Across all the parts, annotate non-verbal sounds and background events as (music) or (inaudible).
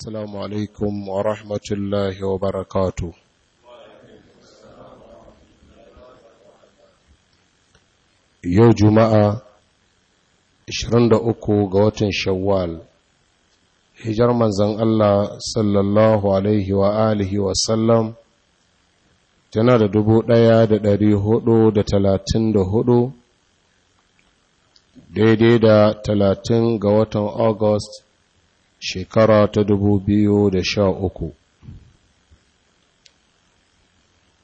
السلام عليكم ورحمة الله yau juma'a uku ga watan shawwal hijar manzan Allah sallallahu alaihi wa alihi wa sallam tana da hudu daidai da talatin ga watan august shekara ta dubu biyu da sha uku.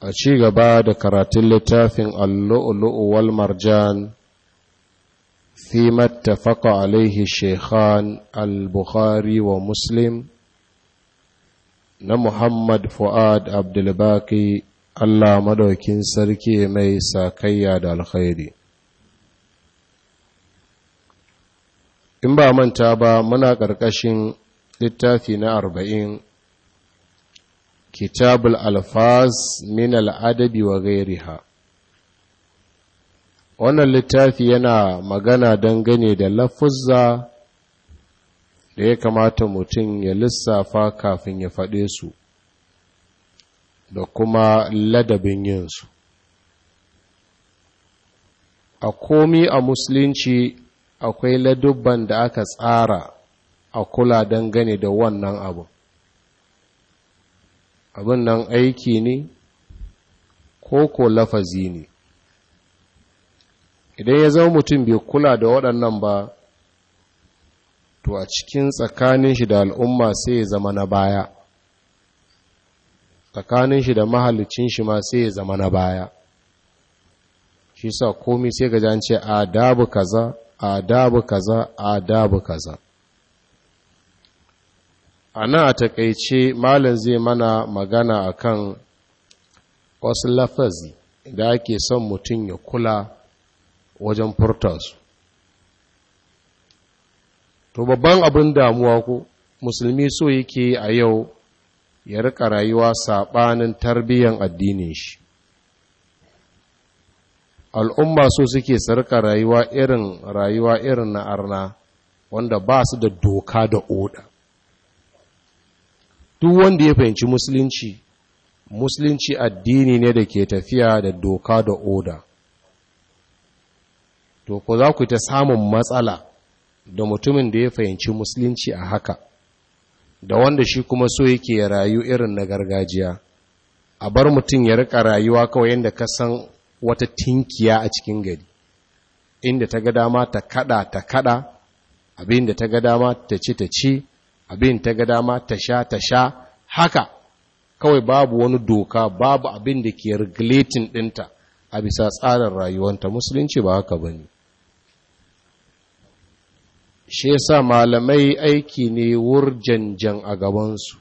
a ci gaba da karatun littafin allu'ulu'u wal marjan fi mattafaka alaihi shekhan al-bukhari wa muslim na muhammad fu'ad abdulbaki allah madaukin sarki mai sakayya da alkhairi in ba manta ba muna ƙarƙashin littafi na arba'in kitabul alfaz min al'adabi wa gairiha wannan littafi yana magana dangane da lafuzza da ya kamata mutum ya lissafa kafin ya faɗe su da kuma ladabin yinsu a komi a musulunci akwai ladubban da aka tsara a kula don gani da wannan abu abin nan aiki ne ko ko lafazi ne idan ya zama mutum bai kula da waɗannan ba to a cikin tsakanin shi da al'umma sai ya zama na baya tsakanin shi da mahallicin shi ma sai ya zama na baya shi sa komi sai ga jance dabu kaza adabu kaza adabu kaza a nan a takaice malin zai mana magana akan wasu lafazi da ake son mutum ya kula wajen furtarsu to babban abin damuwa ko musulmi so yake a yau ya rika rayuwa saɓanin tarbiyyar addinin shi al'umma so suke sarka rayuwa irin rayuwa irin na arna wanda ba su da doka da oda duk wanda ya fahimci musulunci musulunci addini ne da ke tafiya da doka da oda to ko za ku ta samun matsala da mutumin da ya fahimci musulunci a haka da wanda shi kuma so yake rayu irin na gargajiya a bar mutum ya rika rayuwa kawai yadda ka san wata tinkiya a cikin gari inda ta ga dama ta kada ta kada abin da ta ga dama ta ci ta ci abin ta ga dama ta sha ta sha haka kawai babu wani doka babu abin da ke regulating dinta a bisa tsarin rayuwanta musulunci ba haka ba ne. shi yasa malamai aiki ne wurjanjan a gabansu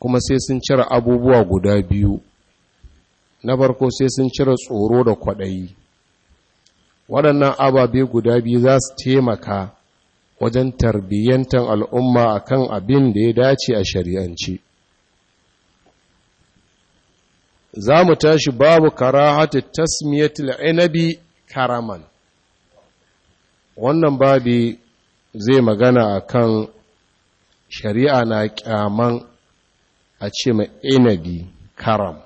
kuma sai sun cire abubuwa guda biyu na farko sai sun cire tsoro da kwaɗayi waɗannan ababe guda biyu za su taimaka wajen tarbiyyantar al'umma a kan abin da ya dace a shari'anci za mu tashi babu karahatu tasmiyatul inabi karaman wannan babi zai magana a kan shari'a na kyaman a ce ma inabi karam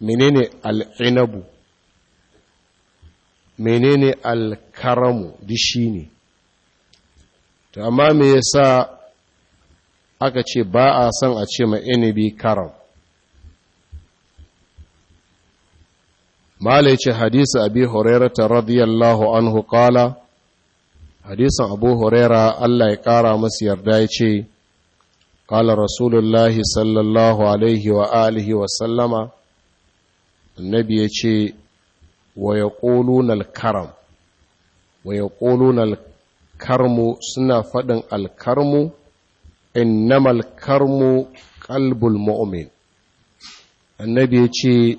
menene al'inabu menene alkaramu da shi ne Ta amma me yasa aka ce ba a son a ce ma inabi karam mala ce hadisi abi hurairata radiyallahu anhu kala hadisin abu huraira allah ya kara masu yarda ya ce kala rasulullahi sallallahu alaihi wa alihi wa sallama annabi ya ce wa ya alkaram wa ya alkarmu suna faɗin alkarmu innamal karmu kalbul mu'min annabi ya ce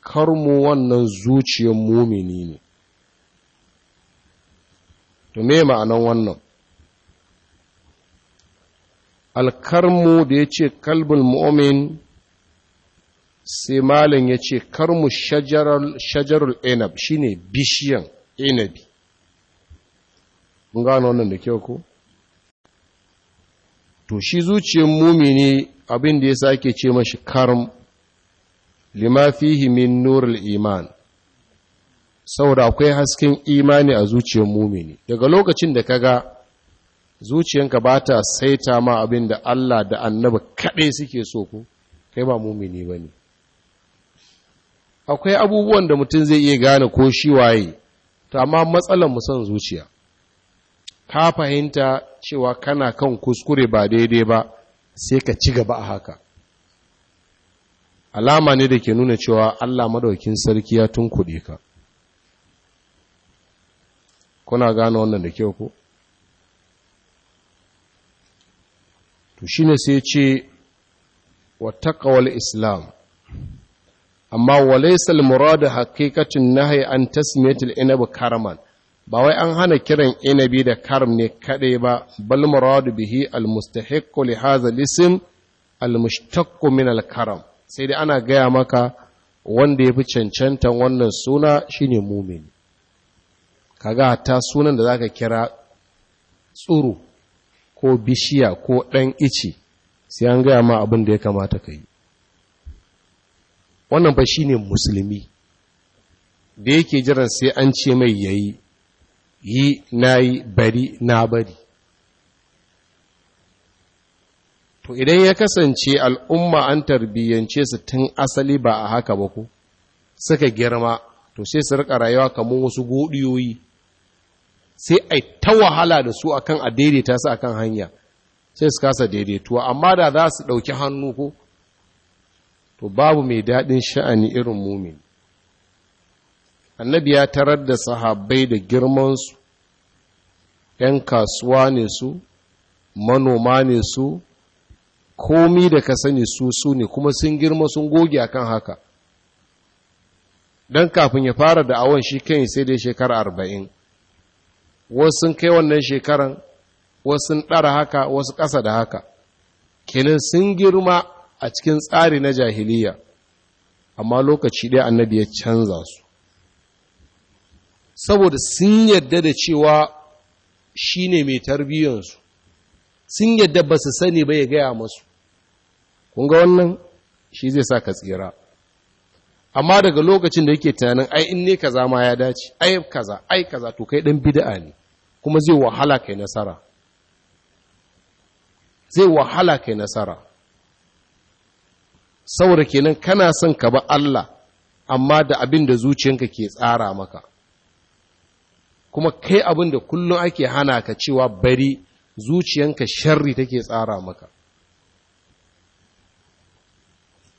karmu wannan zuciyar mumini ne to me ma'anan wannan alkarmu da ya ce kalbul mu'min sai malin ya ce karmu shajarul inab shine bishiyan inabi mun gano wannan da kyau ko to shi zuciyar mumini abin da ya sake ce mashi karm lima min nurul iman saboda akwai hasken imani a zuciyar mumini daga lokacin da kaga zuciyanka ba ta saita ma abinda Allah da annaba kaɗai suke so ku kai ba mumini ba ne akwai abubuwan da mutum zai iya gane ko shi waye to amma matsalar mu son zuciya ka fahimta cewa kana kan kuskure ba daidai ba sai ka ci gaba a haka alama ne da ke nuna cewa Allah madaukin sarki ya kuɗi ka kuna gane wannan da kyau ko to shine sai ce wa islam amma walaisal muradu na nahyi an tasmiyatul inabi karaman ba wai an hana kiran inabi da karam ne kadai ba bal muradu bihi al mustahiqqu li hadha al min al karam sai dai ana gaya maka wanda ya fi cancantan wannan suna shine mumini kaga ta sunan da zaka kira tsuru ko bishiya ko ɗan ici sai an gaya ma abin da ya kamata ka yi wannan ba shi ne musulmi da yake jiran sai an ce mai yayi yi na yi bari na bari to idan ya kasance al'umma an tarbiyyance su tun asali ba a haka ba ku? suka girma to sai su rika rayuwa kamar wasu godiyoyi sai a ta wahala da su akan a daidaita su akan hanya sai su kasa daidaituwa amma da za su ɗauki hannu ko to babu mai daɗin sha'ani irin mumin annabi ya tarar da sahabbai da girmansu ‘yan kasuwa ne su manoma ne su komi da ka sani su su ne kuma sun girma sun goge akan haka don kafin ya fara da awon shi kan sai dai shekara arba'in wasu sun kai wannan shekaran wasu sun ɗara haka wasu ƙasa da haka kenan sun girma a cikin tsari na jahiliya amma lokaci ɗaya annabi ya canza su saboda sun yadda da cewa shi ne mai tarbiyyansu sun yadda ba su sani ba ya gaya masu ƙunga wannan shi zai sa ka tsira amma daga lokacin da yake tunanin ai in ne kaza ma ya dace ai kaza ai kaza to kai ɗan bid'a ne kuma zai wahala kai nasara zai wahala kai nasara saboda kenan kana son ka ba Allah amma da abin da zuciyanka ke tsara maka kuma kai abin da kullum ake hana ka cewa bari zuciyanka sharri take tsara maka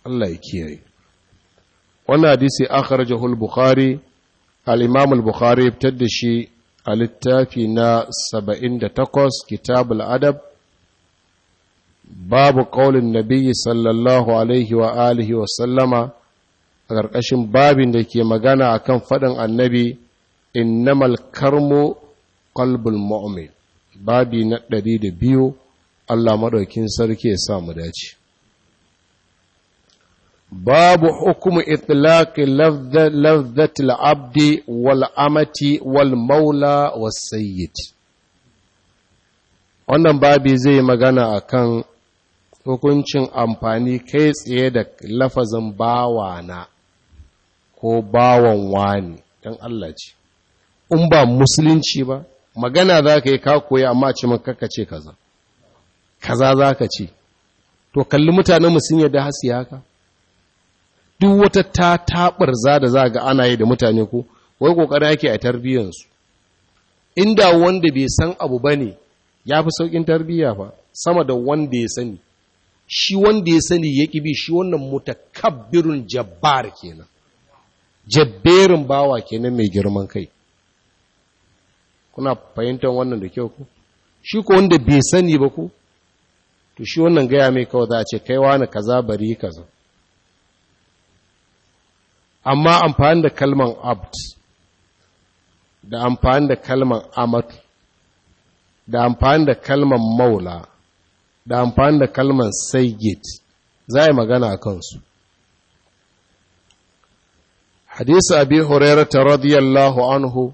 Allah ya kiyaye wannan hadisi akhrajahu al-bukhari al-imam al-bukhari fitar da shi a littafi na 78 kitab al-adab babu ƙaunin nabi sallallahu alaihi wa alihi wa sallama a ƙarƙashin babin da ke magana a kan faɗin annabi innamal karmo ƙalbul mu'min babi na ɗari da biyu Allah maɗaukin sarki ya sa dace babu hukumu itlaƙi lafzatil abdi wal amati wal maula wasayyid sayyid wannan babi zai magana a kan. hukuncin amfani kai tsaye da lafazin bawana ko bawan wani don Allah ce in ba musulunci ba magana za ka yi kakoyi amma ce maka kaka ce kaza kaza za ka ce to kalli mutane musun yadda hasi haka duk wata ta tabar za da za ga ana yi da mutane ko wai kokarin yake a tarbiyyansu inda wanda bai san abu ba ne ya fi saukin tarbiyya ba, sama da wanda ya sani shi wanda ya sani ya bi shi wannan mutakabbirin jabbar kenan jabberin bawa kenan mai girman kai kuna fahimtar wannan da kyau ku shi ko wanda bai sani ba ku to shi wannan gaya mai kawai za a ce kai wani kaza bari kaza amma amfani da kalman abd da amfani da kalman amatu da amfani da kalman maula da amfani da kalmar sayyid za a yi magana kansu hadisu abi hurairata radiyallahu anhu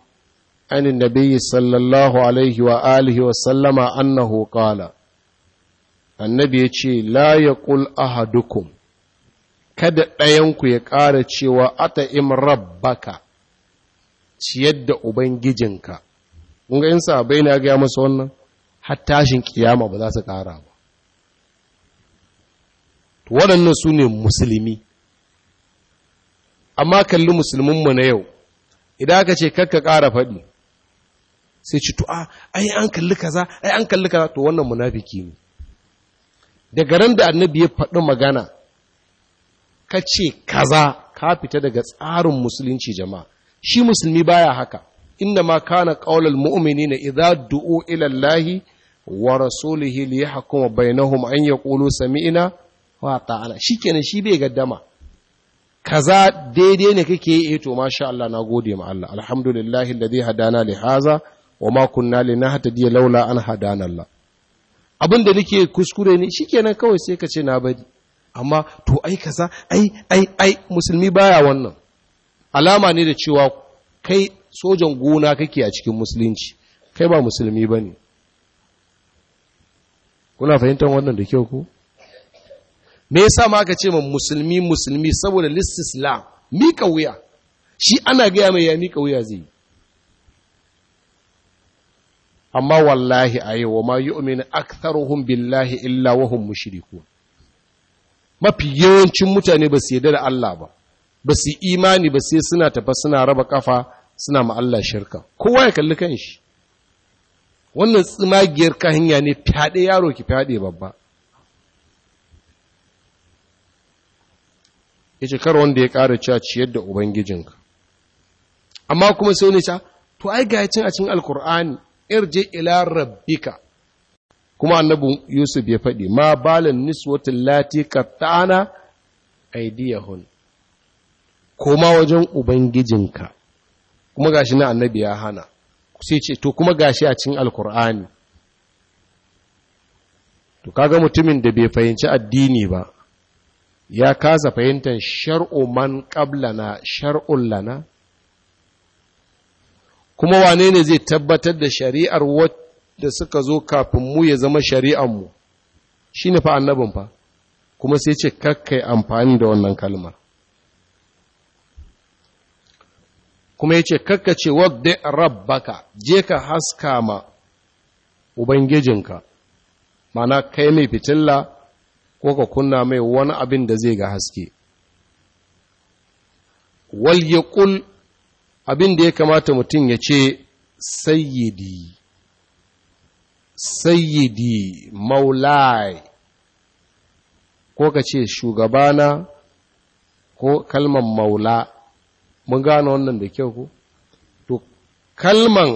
an nabiyyi sallallahu alaihi wa alihi wa sallama annahu qala annabi ya ce la yaqul ahadukum kada ɗayan ku ya ƙara cewa ata im rabbaka ciyar da ubangijinka ƙunga ga in sabai na na ga masu wannan Har tashin ƙiyama ba za su ƙara ba waɗannan su ne musulmi amma kalli musulminmu na yau idan aka ce kakka ƙara faɗi sai ci tu'a ah, ai an kalli kaza ai an kalli kaza to wannan munafiki ne daga ran da annabi ya faɗi magana ka ce kaza ka fita daga tsarin musulunci jama'a shi musulmi baya haka inda ma kana ƙaunar mu'minina idza du'u ila allahi wa rasulihi liyahkuma bainahum an yaqulu sami'na wa ta'ala shi kenan shi bai gaddama kaza daidai ne kake yi eh to masha Allah na gode ma Allah alhamdulillahi alladhi hadana li haza wa ma kunna diya laula an hadana Allah abin nake kuskure ne shikenan kawai sai ka ce na bari amma to ai kaza ai ai ai musulmi baya wannan alama ne da cewa kai sojan gona kake a cikin musulunci kai ba musulmi bane kuna fahimtar wannan da kyau ko me yasa ma aka ce ma musulmi musulmi saboda listislam mika wuya shi ana gaya mai ya mika wuya zai amma wallahi a yau wa ma yu'minu aktharuhum billahi illa wa hum mafi yawancin mutane ba su yarda da Allah ba ba su imani ba sai suna tafa suna raba kafa suna ma Allah shirka kowa ya kalli kan shi. wannan tsimagiyar kahinya ne fyaɗe yaro ki fyaɗe babba ya ce kar wanda ya ƙara cewa ciyar da ubangijinka amma kuma sai ne ta, to ai ga cin a cikin alkur'ani irje ila rabbika kuma annabu yusuf ya faɗi ma balin niswatin lati kattana aidiyahun koma wajen ubangijinka kuma gashi na annabi ya hana sai ce to kuma gashi a cikin alkur'ani to kaga mutumin da bai fahimci addini ba ya kasa fahimtar shar'u man shar'un lana kuma wane ne zai tabbatar da shari'ar wadda suka zo kafin mu ya zama shari'ar mu ne fa annabin fa kuma sai ce kakkai amfani da wannan kalmar kuma yace kakka ce wadda rabbaka je ka haska ma ubangijinka mana kai mai fitilla ko ka kunna mai wani abin da zai ga haske wal yaqul abin da ya kamata mutum ya ce sayyidi sayyidi maulai ko ka ce shugabana ko kalman maula mun gane wannan da kyau ko to kalman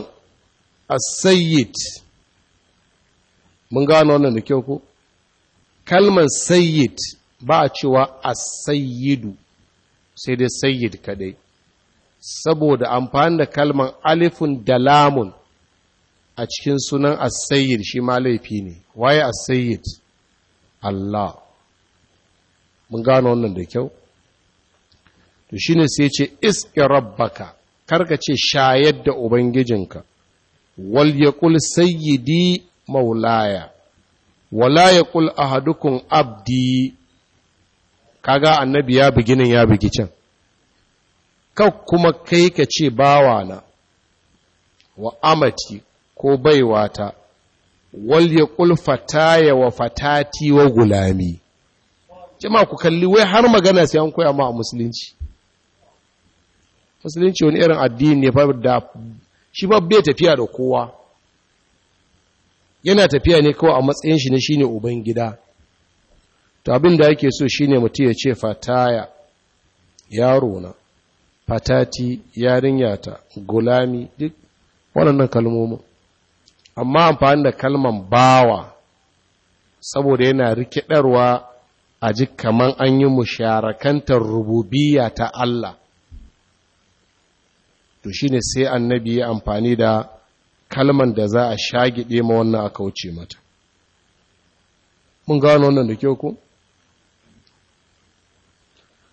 as-sayyid mun gane wannan da kyau ko kalmar sayyid ba a cewa a sayyidu sai dai sayyid kadai saboda amfani da kalmar alifun da lamun a cikin sunan a sayyid shi ma laifi ne waye a sayyid Allah mun gano wannan da kyau to shine sai ya ce iski rabbaka karka ce shayar da ubangijinka wal yaqul sayyidi maulaya wala ya ƙul ahadukum abdi kaga annabi ya nan ya bugi can kan kuma kai ka ce bawana wa amati ko baiwata wal ya ƙul fataya wa fatati wa gulami jama ku kalli wai har magana sai an koya ma a musulunci musulunci wani irin addini ne fa da shi ba bai tafiya da kowa yana tafiya ne kawai a matsayin shi ne shine uban gida to abin da yake so shine mutum ya ce fataya yaro na fatati yarinyata gulami duk waɗannan kalmomi. amma amfani da kalman bawa saboda yana rikidarwa a ji kaman an yi musharakantar rububiya ta Allah to shine sai annabi ya amfani da kalman da za a shagide ma wannan a kauce mata mun gano wannan da kyau ko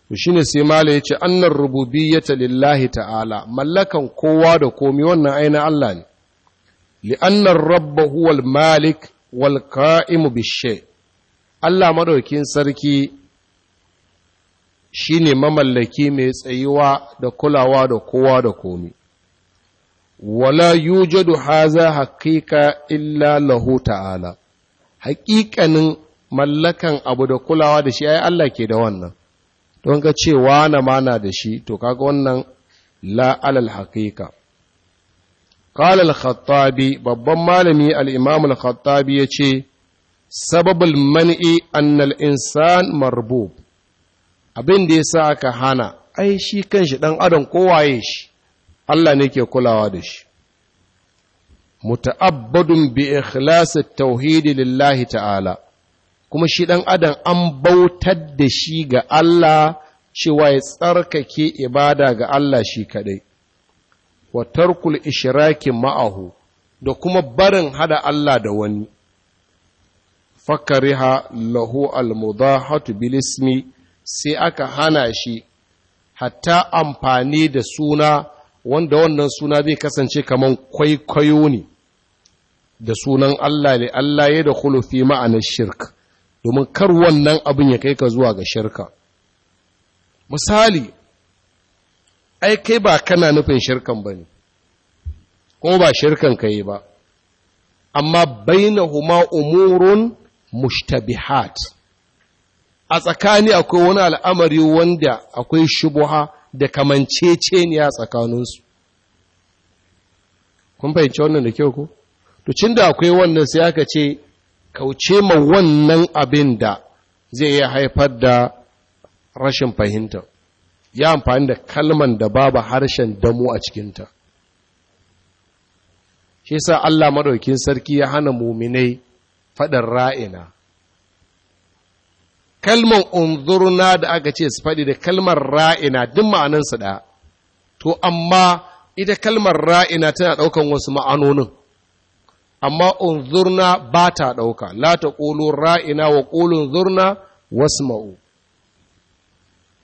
to shine sai mala yace annar rububiyyata lillahi ta'ala mallakan kowa da komi wannan aina Allah ne li Rabba rabb malik wal qa'im bishe Allah madaukin sarki shine mamallaki mai tsayuwa da kulawa da kowa da komi wala yujadu haza haqiqa illa lahu ta'ala haƙiƙanin mallakan abu da kulawa da shi ai Allah ke da wannan don ga cewa na mana da shi to kaga wannan la alal Kalal khattabi babban malami al-imam al-khattabi yace sababul man'i annal insan marbub abin da ya sa aka hana ai shi kanshi ɗan adam kowaye shi Allah ne ke kulawa da shi muta'abbadun bi ikhlasi tauhidi lillahi ta'ala kuma shi ɗan adam an bautar da shi ga Allah cewa ya tsarkake ibada ga Allah shi kaɗai, wa tarkul ishiraki ma'ahu da kuma barin hada Allah da wani, fakariha lahu al bilismi sai aka hana shi hatta amfani da suna wanda wannan suna zai kasance kamar kwaikwayo ne da sunan Allah ne Allah ya da hulufi ma'anar shirk domin kar wannan abin ya kai ka zuwa ga shirka misali ai kai ba kana nufin shirkan ba ne kuma ba shirkan ka yi ba amma bainahuma umurun mushtabihat a tsakani akwai wani al'amari wanda akwai shubuha da kamanceceniya tsakaninsu kun fahimci wannan da kyau ko to cin da akwai wannan sai aka ce kauce ma wannan abin da zai iya haifar da rashin fahimta ya amfani da kalman da babu harshen damu a cikinta shi sa Allah maɗaukin sarki ya hana muminai faɗin ra'ina kalmar unzurna da aka ce su faɗi da kalmar ra'ina duk ma'anansu ɗaya to amma ita kalmar ra'ina tana ɗaukan wasu ma'anonin amma unzurna ba ta ɗauka la ta ra'ina wa ƙolo zurna wasu ma'u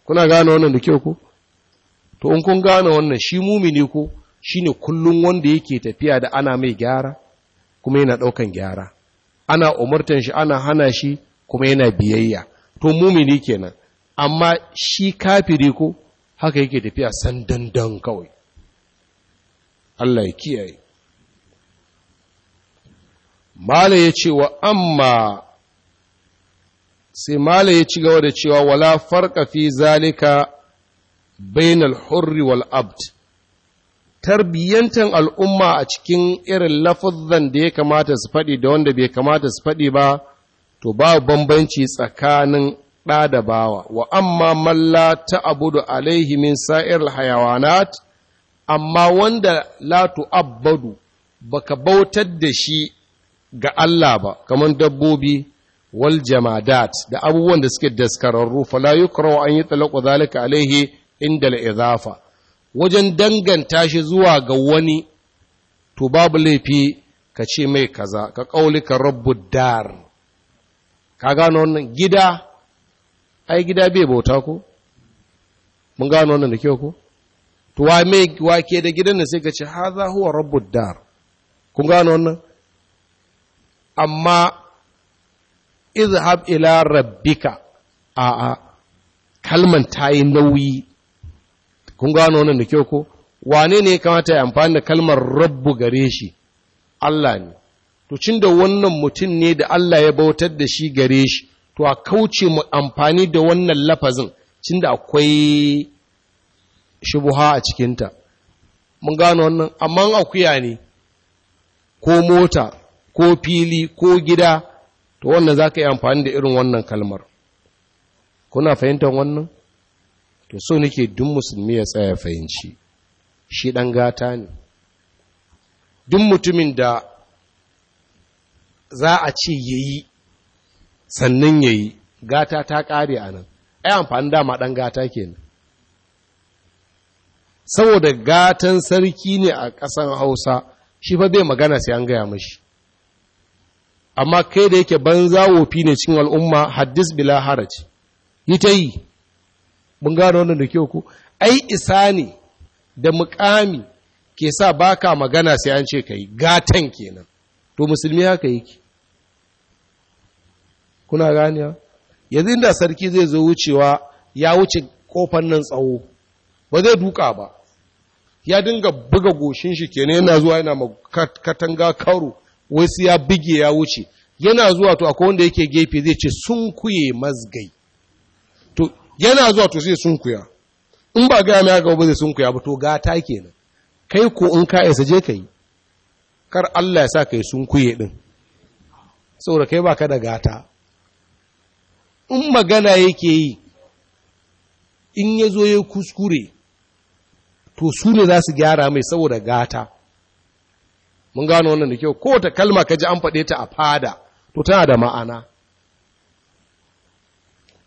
kuna gane wannan da kyau ku to in kun gane wannan shi mumini ko shine kullum wanda yake tafiya da ana mai gyara kuma yana ɗaukan gyara ana umartan shi ana hana shi kuma yana biyayya to mumini kenan amma shi kafiri ko haka yake tafiya san dandan kawai Allah ya kiyaye mala ya ce wa amma sai mala ya ci gaba da cewa wala farka fi zalika bainal hurri wal abd tarbiyyantan al'umma a cikin irin lafuzzan da ya kamata su faɗi da wanda bai kamata su faɗi ba to babu bambanci tsakanin ɗa da bawa wa amma malla ta abudu alaihi min sa'ir hayawanat amma wanda la abbadu baka bautar da shi ga Allah ba kamar dabbobi wal jamadat da abubuwan da suke daskararru fala yukrahu an yi talaqu zalika alaihi inda al wajen danganta shi zuwa ga wani to babu laifi ka ce mai kaza ka ka rabbud dar ka gano wannan gida ai gida bai bauta ko mun gano wannan da kyau ko to wa me wa ke da gidan nan sai ka ce haza huwa rabbud dar kun gano wannan amma izhab ila rabbika a a kalman ta yi nauyi kun gano wannan da kyau ko wane ne ya kamata ya amfani da kalmar rabbu gare shi Allah ne to cin da wannan mutum ne da Allah ya bautar da shi gare shi to a kauce mu amfani da wannan lafazin cin da akwai shubuha a cikinta mun gano wannan amma akuya ne ko mota ko fili ko gida to wannan za ka yi amfani da irin wannan kalmar kuna fahimtar wannan to so nake dun musulmi ya tsaya fahimci shi ɗan gata ne dun mutumin da za a ce ya yi sannan ya yi gata ta ƙare a nan ai amfani dama ɗan gata kenan saboda gatan sarki ne a ƙasan hausa shi fa bai magana sai an gaya mashi amma kai da yake banza wofi ne cikin al'umma haddis bila haraj yi ta yi mun gano wannan da kyau ku ai isa ne da mukami ke sa baka magana sai an ce ka yi gatan kenan to musulmi haka yake kuna ganiya yanzu inda sarki zai zo wucewa ya wuce kofar nan tsawo ba zai duka ba ya dinga buga goshin shi kenan yana zuwa yana katanga karo wai sai ya bige ya wuce yana zuwa to akwai wanda yake gefe zai ce sun kuye mazgai to yana zuwa to sai sun kuya in ba ga mai ga ba zai sun kuya ba to gata kenan kai ko in ka isa je kai kar Allah ya sa yi sun kuye din saboda kai baka da gata in magana yake yi in ya zo ya kuskure to su ne za su gyara mai saboda gata mun gano wannan da kyau Ko ta kalma ka ji an faɗe ta a fada to tana da ma'ana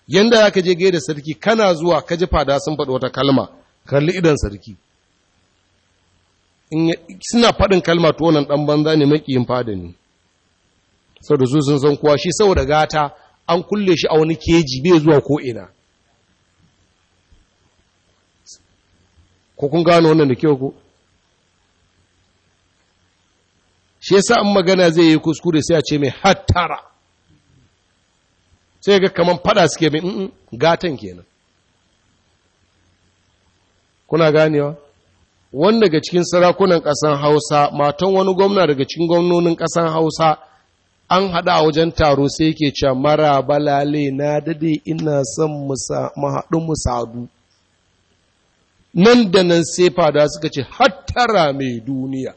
yanda za ka je gaida sarki kana zuwa ka ji fada sun faɗi wata kalma kalli idan sarki suna faɗin kalma to wannan ɗan banza ne yin fada ne sau su sun san kuwa shi sau da gata an kulle shi a wani keji bai zuwa ko ina ko kun gano wannan da kyau ku. shi yasa an magana zai yi kuskure sai a ce mai hattara sai ga kamar fada suke mai gatan kenan kuna ganewa wani daga cikin sarakunan ƙasan hausa matan wani gwamna daga cikin gwamnonin ƙasan hausa an haɗa a wajen taro sai yake cewa mara balale na dade ina son mahaɗu musadu nan da nan sai fada suka ce hattara mai duniya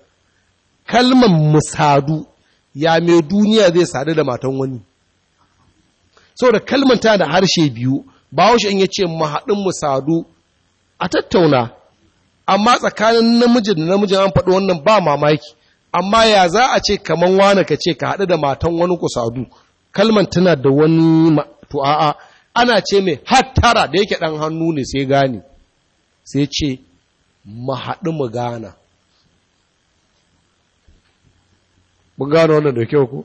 kalmar musadu ya mai duniya zai sadu da matan wani saboda kalmar ta da harshe biyu ba in ya ce mahaɗin musadu a tattauna amma tsakanin namiji da namijin an faɗi wannan ba mamaki amma ya za a ce kamar wani ka ce ka haɗu da matan wani ku sadu kalman tana da wani tu'a'a ana ce mai hattara da yake ɗan hannu ne sai gane sai ce mu haɗu mu gana mun gano wannan da kyau ku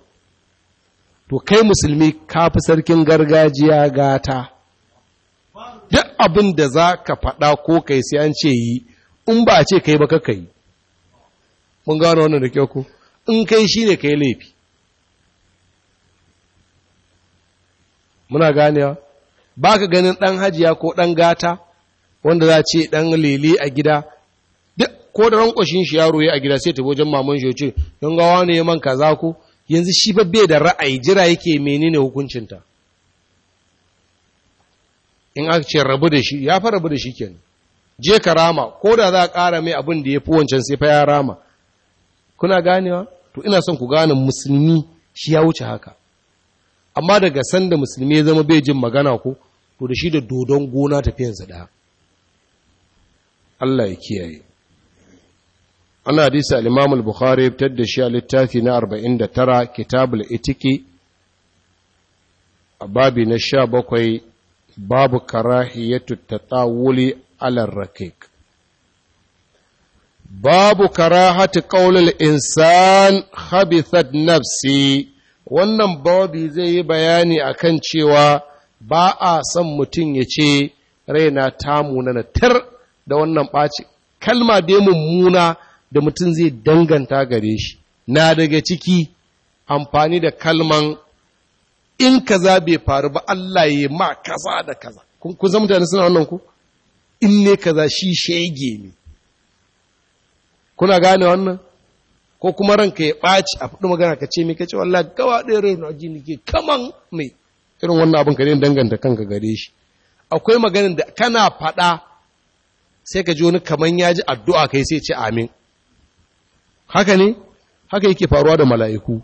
to kai musulmi ka fi sarkin gargajiya gata duk abin da za ka faɗa ko kai sai an ce yi in ba ce kai ba kakka yi mun gano wannan da kyau ku in kai shi ne kai laifi muna ganewa ba ka ganin ɗan hajiya ko ɗan gata wanda za ce ɗan lele a gida ko da ranƙoshin shi yaro ya a gida sai ta wajen maman shi ya ce don gawa ne man kaza ku yanzu shi ba bai da ra'ayi jira yake menene hukuncinta in aka ce rabu da shi ya fa rabu da shi kenan je ka rama ko da za a ƙara mai abin da ya fi wancan sai fa ya rama kuna ganewa to ina son ku gane musulmi shi ya wuce haka amma daga sanda musulmi ya zama bai jin magana ko to da shi da dodon gona tafiyansa ɗaya Allah ya kiyaye ana hadisi al-Imam al-Bukhari fitar da shi a littafi na 49 Kitabul Itiki a babi na 17 babu karahiyatu tatawuli على الركيك babu كراهة قول insan khabithat nafsi wannan babu zai yi bayani a kan cewa ba a son mutum ya ce raina ta munana tar da wannan ɓaci kalma dai mummuna da mutum zai danganta gare shi na daga ciki amfani da kalman in kaza bai faru ba Allah ya ma kaza da kaza kun zama mutane suna wannan ku in ne kaza shi shege ne kuna gane wannan ko kuma ranka ya ɓaci a fudu magana ka ce mai kace wallah gawa ɗaya rai na jini ke kaman mai irin wannan abin ka ne danganta kanka gare shi akwai maganin da kana faɗa sai ka ji wani kaman ya ji addu'a kai sai ce amin haka ne haka yake faruwa da mala'iku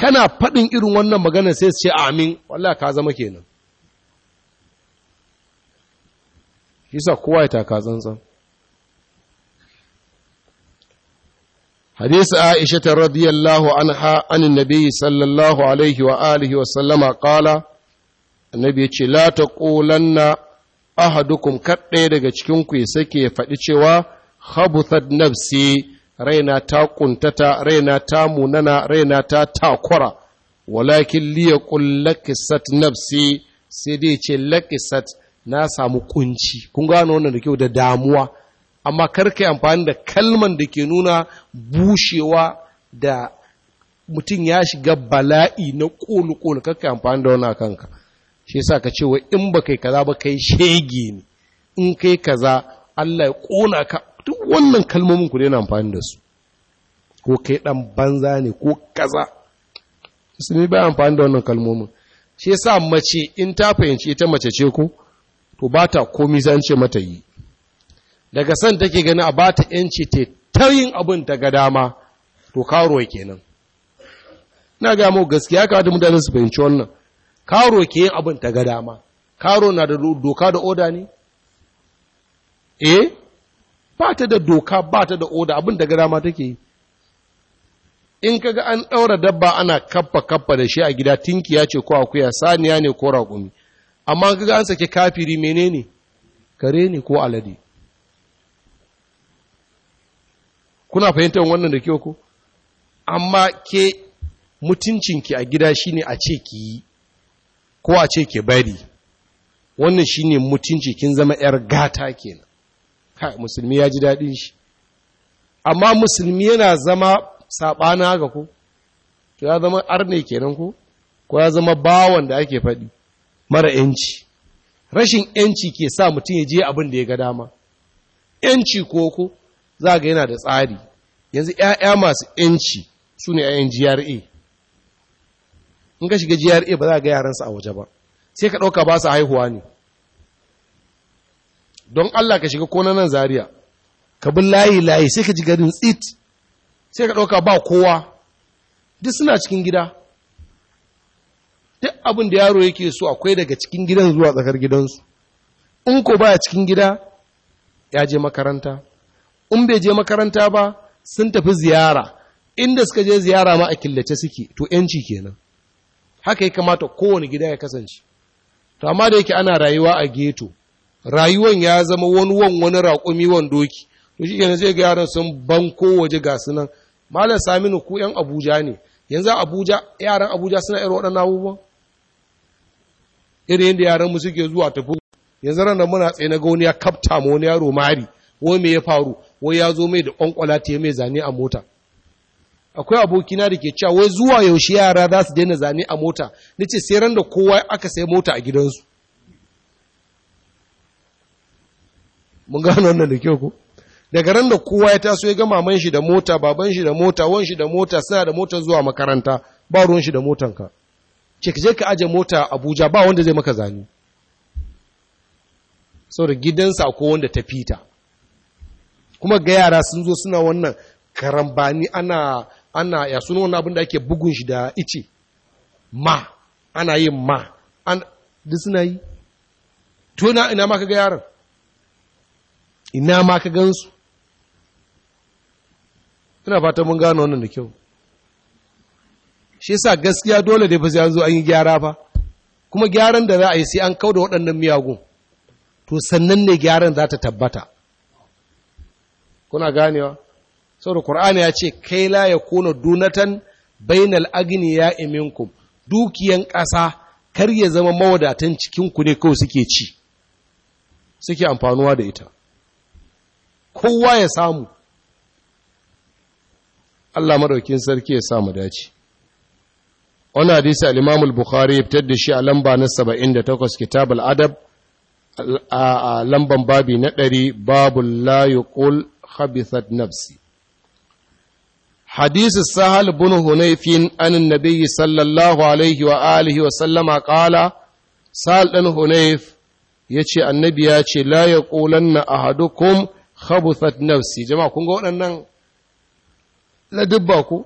kana faɗin irin wannan magana sai su ce amin wallah ka zama kenan yasa kowa ya taka zanzan hadisi aisha ta radiyallahu anha anin nabi sallallahu alaihi wa alihi wa sallama kala annabi ce la ta kulanna ahadukum kad daga cikin ku sake faɗi cewa habuthat nafsi raina ta kuntata raina ta munana raina ta takura walakin liya kullakisat nafsi sai dai ce lakisat na samu kunci kun gano wannan da kyau da damuwa amma karka amfani da kalman da ke nuna bushewa da mutum ya shiga bala'i na ƙulu-ƙulu karka amfani da wani kanka shi yasa ka ce in ba kai kaza ba kai shege ne in kai kaza Allah ya kona ka duk wannan kalmomin ku daina amfani da su ko kai ɗan banza ne ko kaza musulmi bai amfani da wannan kalmomin shi yasa mace in ta fahimci ita mace ce ko to ba ta komi zan ce mata yi daga san take gani a ba ta ‘yanci te ta yin abin ta ga dama to karuwa kenan na ga mu gaskiya ka da mutane su fahimci wannan karo ke yin abin ta ga dama karo na da doka da oda ne eh ba ta da doka ba ta da oda abin da ga dama take yi in kaga an ɗaura dabba ana kappa kappa da shi a gida ya ce ko akuya saniya ne ko raƙumi amma kaga an sake kafiri menene kare ne ko alade kuna fahimtar wannan da kyau ko amma ke mutuncinki a gida shine a ce ki yi ko a ce ke bari wannan shine mutunci kin zama yar gata kenan kai musulmi ya ji daɗin shi amma musulmi yana zama saɓana ga ko to ya zama arne kenan ko ko ya zama bawan da ake faɗi mara ‘yanci rashin ‘yanci ke sa mutum ya je abin da ya ga dama ‘yanci koko za ga yana da tsari yanzu ‘ya'ya masu ‘yanci su ne ‘ya'yan GRA in ka shiga GRA ba za ga yaransa a waje ba sai ka ɗauka ba su haihuwa ne don Allah ka shiga konan nan zariya ka bin layi-layi sai ka ji garin tsit sai ka ɗauka ba kowa duk suna cikin gida duk abin da yaro yake so akwai daga cikin gidan zuwa tsakar gidansu in ko baya cikin gida ya je makaranta in bai je makaranta ba sun tafi ziyara inda suka je ziyara ma a killace suke to yanci kenan haka ya kamata kowane gida ya kasance to da yake ana rayuwa a geto rayuwan ya zama wani wan wani raƙumi wan doki to shi kenan zai ga yaran sun ko waje ga su nan malam saminu ku yan abuja ne yanzu abuja yaran abuja suna irin waɗannan abubuwan irin yadda yaranmu suke zuwa tafi yanzu ranar muna tsaye na gauni ya kafta ma wani yaro mari wai me ya faru wai ya zo mai da kwankwala ta mai zane a mota akwai abokina da ke cewa wai zuwa yaushe yara za su daina zane a mota nace sai ran da kowa aka sai mota a gidansu mun gano wannan da kyau ko daga ran da kowa ya taso ya ga maman shi da mota baban shi da mota wan da mota suna da mota zuwa makaranta ba ruwan shi da motanka ce ka je ka aje mota abuja ba wanda zai maka zane saboda gidansa ko wanda ta fita kuma ga yara sun zo suna wannan karambani ana ana ya suna wannan abin da ake bugun shi da ice ma ana yin ma an suna yi tuna ina ma ka ga yaran ina ma ka gansu ina fata mun gano wannan da kyau shi sa gaskiya dole da ba sai an zo an yi gyara fa kuma gyaran da za a yi sai an kauda waɗannan miyagun to sannan ne gyaran za ta tabbata kuna ganewa saboda qur'ani ya ce kai la kuna dunatan bainal ya iminku. dukiyan ƙasa kar ya zama mawadatan cikin ku ne kawai suke ci suke amfanuwa da ita kowa ya samu Allah madaukin sarki ya samu dace wani hadisi Alimamul al-bukhari fitar da shi a lamba na 78 kitab al’adab a lamban babi na ɗari babu layu ƙul nafsi hadisi sahal bin Hunaifi anin nabi sallallahu alaihi wa alihi wa sallama ƙala sahal ɗin hunayf ya ce annabi ya ce layu ƙulan na a haɗu kum habithat nafsi jama'a kun ga waɗannan ladubba ku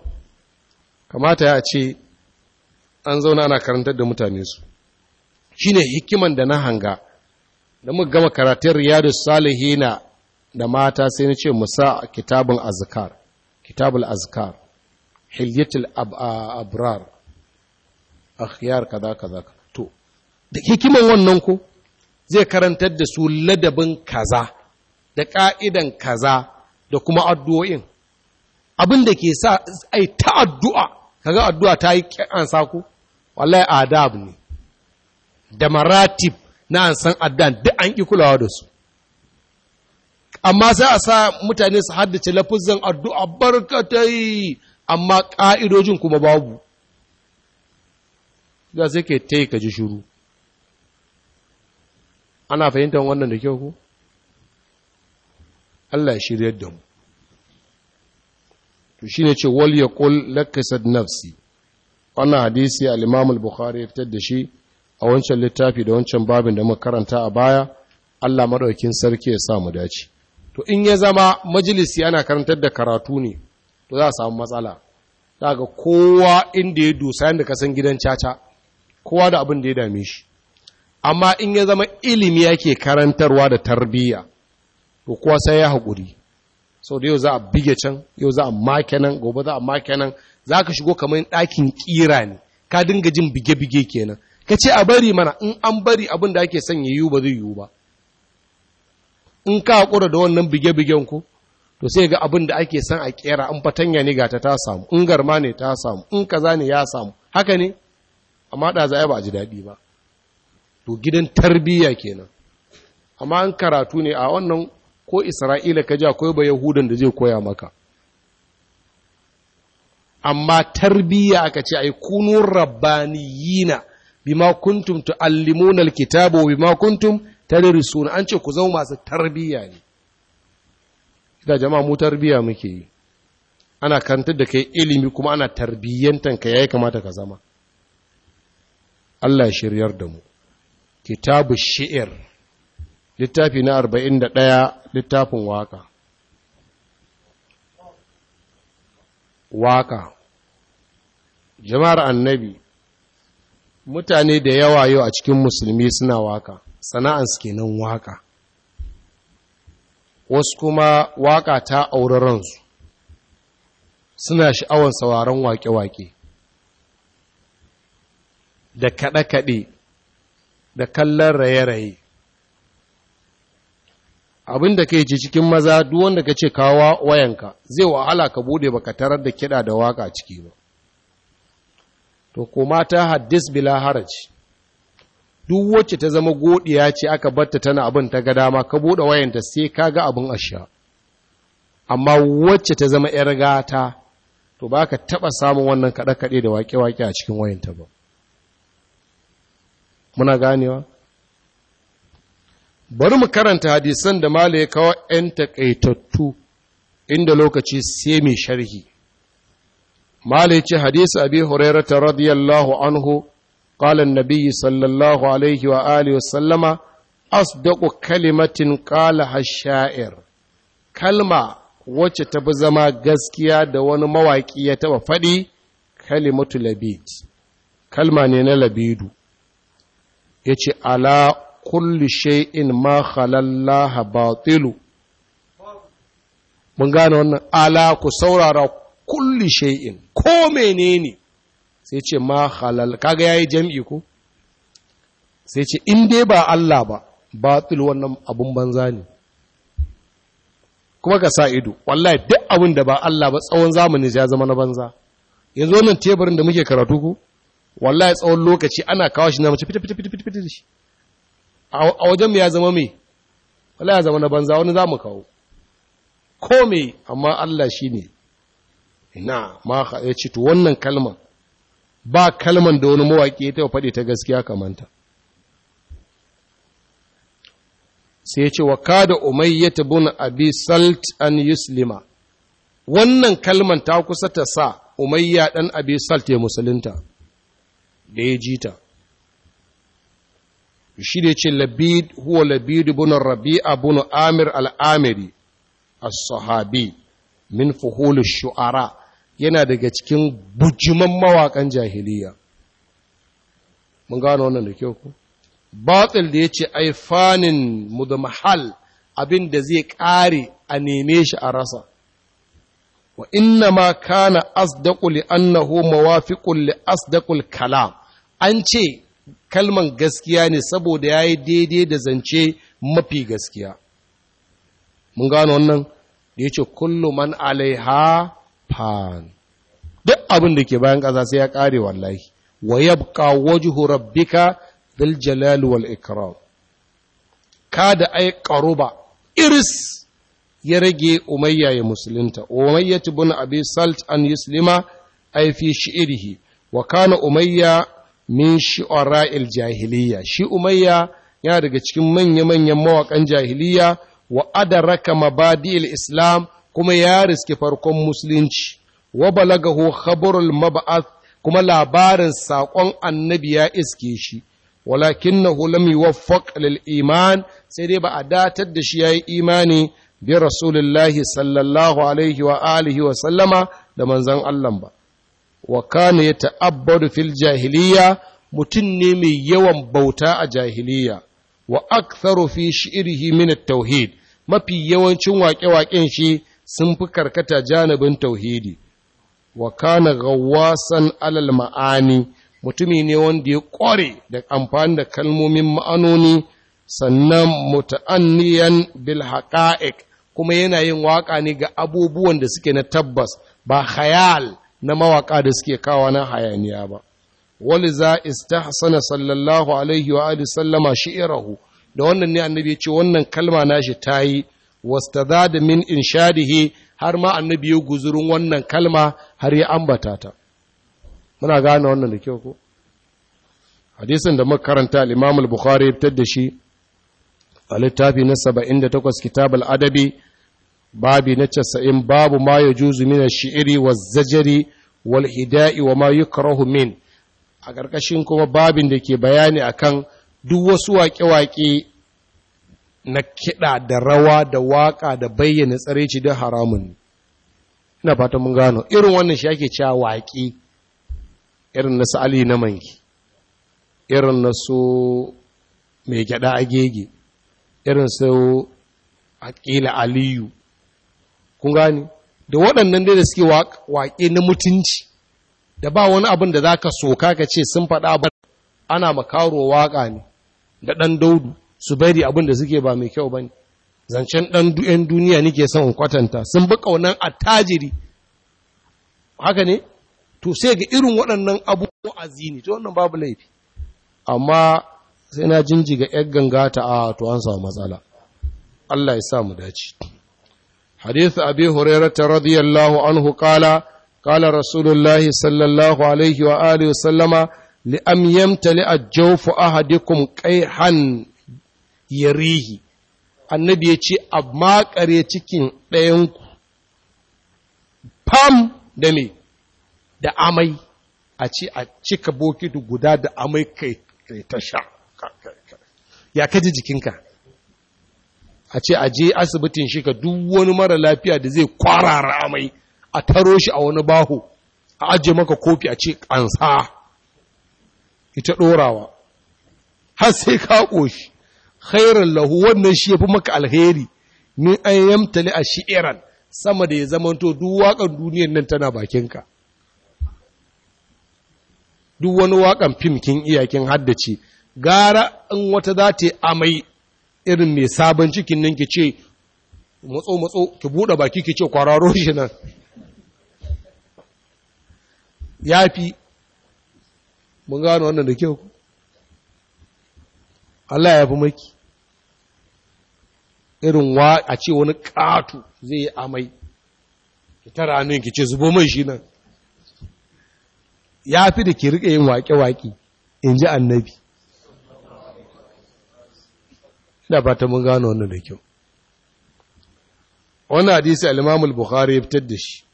kamata ya ce an zauna ana karantar da mutane su Shi ne hikiman da na hanga da muka gama karatun riyadu salihina da mata sai na ce musa kitabun azkar kitabul azkar hilyatul abrar akhyar kaza kaza to da hikiman wannan ko zai karantar da su ladabin kaza da ka'idan kaza da kuma addu'o'in abin da ke sa ai ta addu'a kaga addu'a ta yi an ko wallahi adab ne da maratib na an san addan duk an ƙi kulawa da su amma sai a sa mutane su haddace lafuzan addu'a barkatai amma ƙa'idojin kuma babu za sai ke ta yi ka ji shuru ana fahimtar wannan da kyau ku? Allah ya shiryar da mu to shi ne ce wal ya ƙul lakasar nafsi wannan hadisi al-Imam al-Bukhari ya fitar da shi a wancan littafi da wancan babin da muka karanta a baya Allah madaukin sarki ya sa mu dace to in ya zama majalisi ana karantar da karatu ne to za a samu matsala daga kowa inda ya dusa yadda ka san gidan caca kowa da abin da ya dame shi amma in ya zama ilimi yake karantarwa da tarbiyya to kowa sai ya haƙuri sau da yau za a bige can yau za a make gobe za a make za ka shigo kamar ɗakin ƙira ne ka dinga jin bige-bige kenan ka ce a bari mana in an bari abin da ake sanya yiwu ba zai yiwu ba in ka haƙura da wannan bige-bigen ku to sai ga abin da ake son a ƙera an fatanya ne gata ta samu in garma ne ta samu in kaza ne ya samu haka ne amma da za a yi ba a ji daɗi ba to gidan tarbiyya kenan amma an karatu ne a wannan ko isra'ila ka ja akwai ba yahudan da zai koya maka amma tarbiyya aka ce ai kunu rabbaniyina bima kuntum tuallimuna alkitaba bima kuntum tadrisuna an ce ku zama masu tarbiyya ne da jama'a mu tarbiyya muke yi ana kantar da kai ilimi kuma ana tarbiyyantan ka yayi kamata ka zama Allah Ya shiryar da mu kitabu shi'ir littafi na 41 littafin waka waka jama'ar annabi mutane da yawa yau a cikin musulmi suna waka su kenan waka wasu kuma waka ta ransu suna sha'awar sauraron wake-wake da kaɗe-kaɗe da kallon raye-raye abin da ka ce cikin maza duk wanda ka ce kawa wayanka zai wahala ka bude ka tarar da kiɗa da waka ciki ba to kuma ta haddis bila haraji duk wacce ta zama godiya ce aka batta tana abin ta ga dama ka bude wayanta sai ka ga abin asha amma wacce ta zama yar gata to baka ka taɓa samun wannan kaɗe-kaɗe da wake-wake a cikin wayanta ba muna ganewa bari mu karanta hadisan da mala ya kawo 'yan taƙaitattu inda lokaci sai mai sharhi mala ya ce hadisi abi hurairata radiyallahu anhu قال النبي صلى الله wa وآله وسلم أصدق kalimatin ƙala الشاعر kalma wacce ta fi zama gaskiya da wani mawaƙi ya taɓa faɗi kalimatu labid kalma ne na labidu ya ce ala kulli shay'in ma khalallaha batilu mun gane wannan ala ku saurara kulli shay'in ko menene sai ce ma halal kaga yayi jam'i ko sai ce in dai ba Allah ba batil wannan abun banza ne kuma ka sa ido wallahi duk abin da ba Allah ba tsawon zamani ya zama na banza yanzu wannan teburin da muke karatu ko wallahi tsawon lokaci ana kawo shi na mace fita fita fita fita da shi a wajen mu ya zama me wala ya zama na banza wani za mu kawo ko me amma Allah shi ne ina ma ya ci wannan kalman ba kalman da wani mawaƙi ya faɗi ta gaskiya kamanta sai ya ce wa kada umayyata bin abi salt an yuslima wannan kalman ta kusa ta sa umayya dan abi salt ya musulunta da ya ji shi ne ce labid huwa labid ibn rabi'a ibn amir al-amiri as-sahabi min fuhul shu'ara yana daga cikin bujiman mawakan jahiliya mun gano wannan da kyau ku batil da yace ai fanin mudmahal abin da zai kare a neme shi a rasa wa inna ma kana asdaqu li annahu mawafiqun li asdaqul kalam an ce kalman gaskiya ne saboda ya yi daidai da zance mafi gaskiya mun gano wannan da ya ce kullum man alaiha fan duk abin da ke bayan ƙasa sai ya ƙare wallahi wa yabqa wajhu rabbika dhil jalali wal ikram kada ay ƙaruba iris ya rage umayya ya musulunta umayya ibn abi salt an yuslima ay fi shi'rihi wa kana umayya min shi'ara'il jahiliya shi umayya yana daga cikin manya-manyan mawaƙan jahiliya wa adaraka mabadi'il islam kuma ya riske farkon musulunci wa balagahu khabarul mab'ath kuma labarin saƙon annabi ya iske shi walakinahu lam yuwaffaq lil iman sai dai ba a datar da shi yayi imani bi rasulillahi sallallahu alaihi wa alihi wa sallama da manzon Allah ba wa kana ya ta'abbadu fil jahiliya mutum ne mai yawan bauta a jahiliya wa aktharu fi shi'rihi min at-tauhid mafi yawancin waƙe-waƙen shi sun fi karkata janibin tauhidi wa kana gawasan alal ma'ani mutumi ne wanda ya ƙware da amfani da kalmomin ma'anoni sannan muta'anniyan bil haqa'iq kuma yana yin waƙa ne ga abubuwan da suke na tabbas ba khayal na mawaƙa da suke kawa na hayaniya ba wani za istahsana sallallahu alaihi wa alihi sallama shi'irahu da wannan ne annabi ya ce wannan kalma nashi tayi wastazada min inshadihi har ma annabi ya guzurin wannan kalma har ya ambata ta muna gane wannan da kyau ko hadisin da muka karanta al-Imam al-Bukhari ya fitar da shi a littafi na 78 kitabul adabi babi na casa'in babu ma ya juzu mina shi'iri wa zajari wal hida'i wa ma yukrahu min a ƙarƙashin kuma babin da ke bayani akan duk wasu waƙe-waƙe na kiɗa da rawa da waƙa da bayyana tsareci da haramun ina fata mun gano irin wannan shi ake cewa waƙi irin na sa'ali na manki irin na so mai gyaɗa agege irin su aƙila aliyu kun gani da waɗannan dai da suke waƙe na mutunci da ba wani abin da za ka soka ka ce sun faɗa ba ana makaro waƙa ne da ɗan daudu su bari abin da suke ba mai kyau ba ne zancen ɗan du'yan duniya nike son kwatanta sun bi ƙaunar attajiri haka ne to sai ga irin waɗannan abubuwa a zini to wannan babu laifi amma sai na jinjiga ‘yar ganga ta a to an samu matsala Allah ya sa mu dace حديث أبي هريرة رضي الله عنه قال قال رسول الله صلى الله عليه وآله وسلم لأم يمتلئ الجوف أحدكم قيحا يريه annabi ya ce a makare cikin ɗayanku fam da me da amai a ce a cika bokiti guda da amai kai ta sha ya kaji jikinka a ce a je asibitin shi ka duk wani mara lafiya da zai kwarara amai a taro shi a wani baho a ajiye maka kofi a ce ƙansa ita ɗorawa har sai ka ƙoshi khairan lahu wannan shi ya fi maka alheri min an yamtali a shi'iran sama da ya zamanto duk waƙan duniyan nan tana bakinka duk wani waƙan fim kin iyakin haddace gara in wata za ta yi amai irin mai sabon cikin nan ki ce matso matso ki buɗe baki ki ce kwararo shi nan ya fi mun gano wannan da kyau Allah ya fi maki irin wa a ce wani ƙatu zai yi amai ki tara hannun ki ce zubo mai shi nan ya fi da ki riƙe yin waƙe-waƙe in ji annabi ina fata mun gano wannan da kyau wannan hadisi al-Imam bukhari ya fitar da shi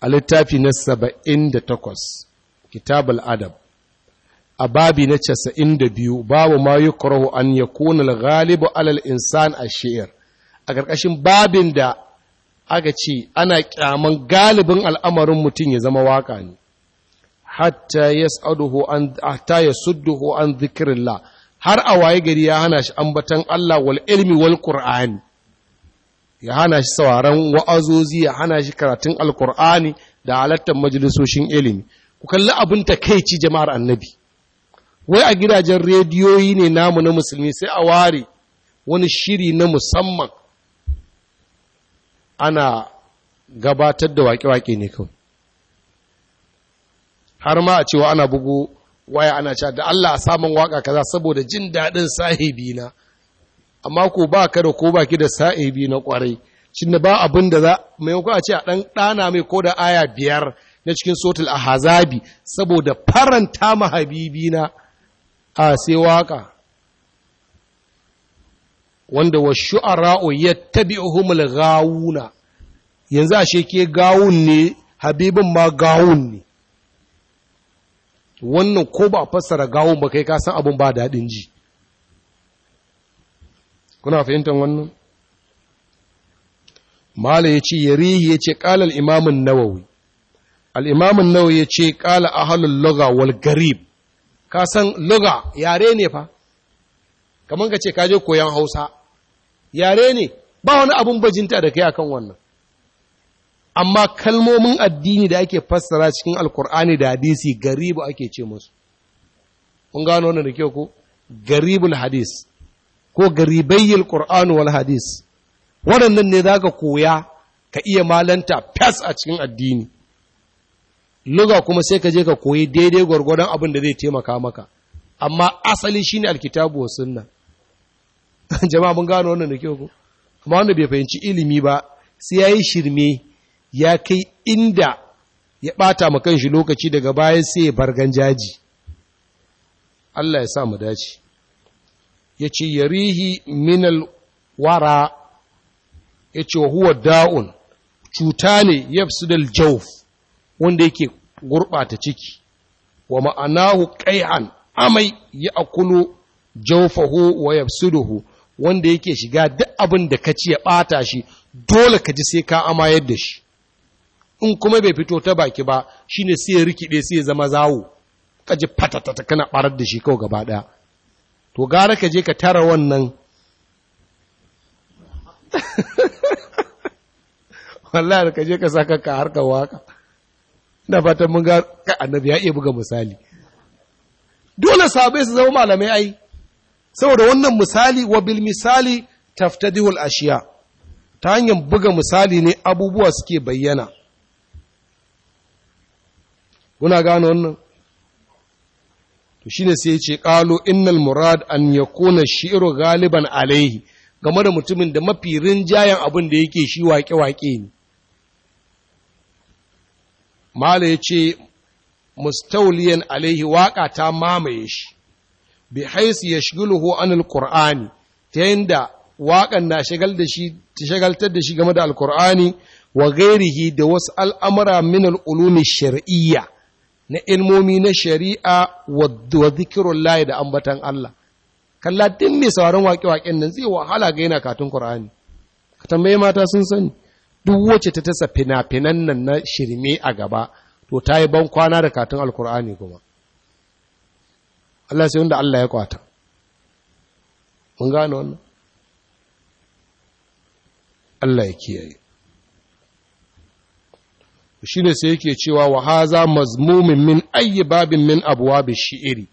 a littafi na 78 Kitab al-Adab a babi na 92 babu ma yukrahu an yakuna al-ghalibu ala al-insan ash-shi'r a ƙarƙashin babin da aka ce ana kyaman galibin al'amarin mutum ya zama waka ne hatta yas'aduhu an hatta yasudduhu an dhikrillah har a waye gari ya hana shi ambatan Allah wal ilmi wal qur'ani ya hana shi sauraron wa'azozi ya hana shi karatun alqur'ani da halattar majalisoshin ilimi ku kalli abin takeici jama'ar annabi wai a gidajen rediyoyi ne namu na musulmi sai a ware wani shiri na musamman ana gabatar da waƙe-waƙe ne kawai har ma a cewa ana bugu waya ana cewa da Allah a samun waka kaza saboda jin daɗin sahibi na amma ko ba ka da ko ba ki da sahibi na kwarai shin ba abin da za maimakon a ce a ɗan ɗana mai ko da aya biyar na cikin sotul hazabi saboda faranta ma habibi na a sai waka wanda wa shu'ara'u yattabi'uhumul gawuna yanzu ashe ke gawun ne habibin ma gawun ne wannan ko ba fassara gawon ba kai ka san abin ba daɗin ji kuna fahimtar wannan mala ya ce yarihi ya ce ƙala al'imamin nawawi al'imamin nawawi ya ce ƙala halin loga wal garib ka san loga yare ne fa kamar ka ce kaje koyan hausa yare ne ba wani abin bajinta da kai akan wannan amma kalmomin addini da ake fassara cikin alkur'ani da hadisi garibu ake ce musu mun gano wannan da kyau ko garibul hadis ko garibayyil qur'an wal hadis waɗannan ne zaka koya ka iya malanta fas a cikin addini luga kuma sai ka je ka koyi daidai gwargwadon abin da zai taimaka maka amma asali shine alkitabu was sunna (laughs) jama'a mun gano wannan da kyau ko amma wanda bai fahimci ilimi ba sai yayi shirme ya kai inda ya ɓata ma shi lokaci daga baya sai ya bargan jaji Allah ya sa mu dace ya ce yarihi minal wara ya ce huwa da'un cuta ne yafsudal jauf wanda yake gurɓata ciki wa ma'anahu qai'an amai ya akulu jaufahu wa yafsuduhu wanda yake shiga duk abin da ka ci ya ɓata shi dole ka ji sai ka amayar da shi in kuma bai fito ta baki ba shine sai ya rikide sai ya zama zawo ka ji fatatata kana barar da shi kawai gaba daya to gara ka je ka tara wannan (laughs) wallahi ka je ka saka ka harkar waka da fatan mun ga annabi ya iya buga misali dole sabai su zama malamai ai saboda wannan misali wa bil misali taftadihul ashiya ta hanyar buga misali ne abubuwa suke bayyana kuna gano wannan to shine sai ya ce qalu innal murad an yakuna shi'ru galiban alaihi game da mutumin da mafi rinjayen abin da yake shi waƙe-waƙe ne mala ya ce mustauliyan alaihi waka ta mamaye shi bi haisu ya shiguluhu an alƙur'ani ta yadda waƙan na shagaltar da shi game da alkur'ani wa gairihi da wasu al'amura min al'ulumi shari'iyya na ilmomi na shari'a wa zikirun layi da ambatan Allah. Kalla din ne sauran waƙe-waƙen nan zai wahala ga yana katun Kur'ani. Ka tambaye mata sun sani, duk wacce ta tasa fina-finan nan na shirme a gaba, to ta yi ban kwana da katun Alkur'ani kuma. Allah sai wanda Allah ya kwata. Mun gane wannan? Allah ya kiyaye. shi ne sai yake cewa wa haza mazmumin min ayyi babin min iri. shi'iri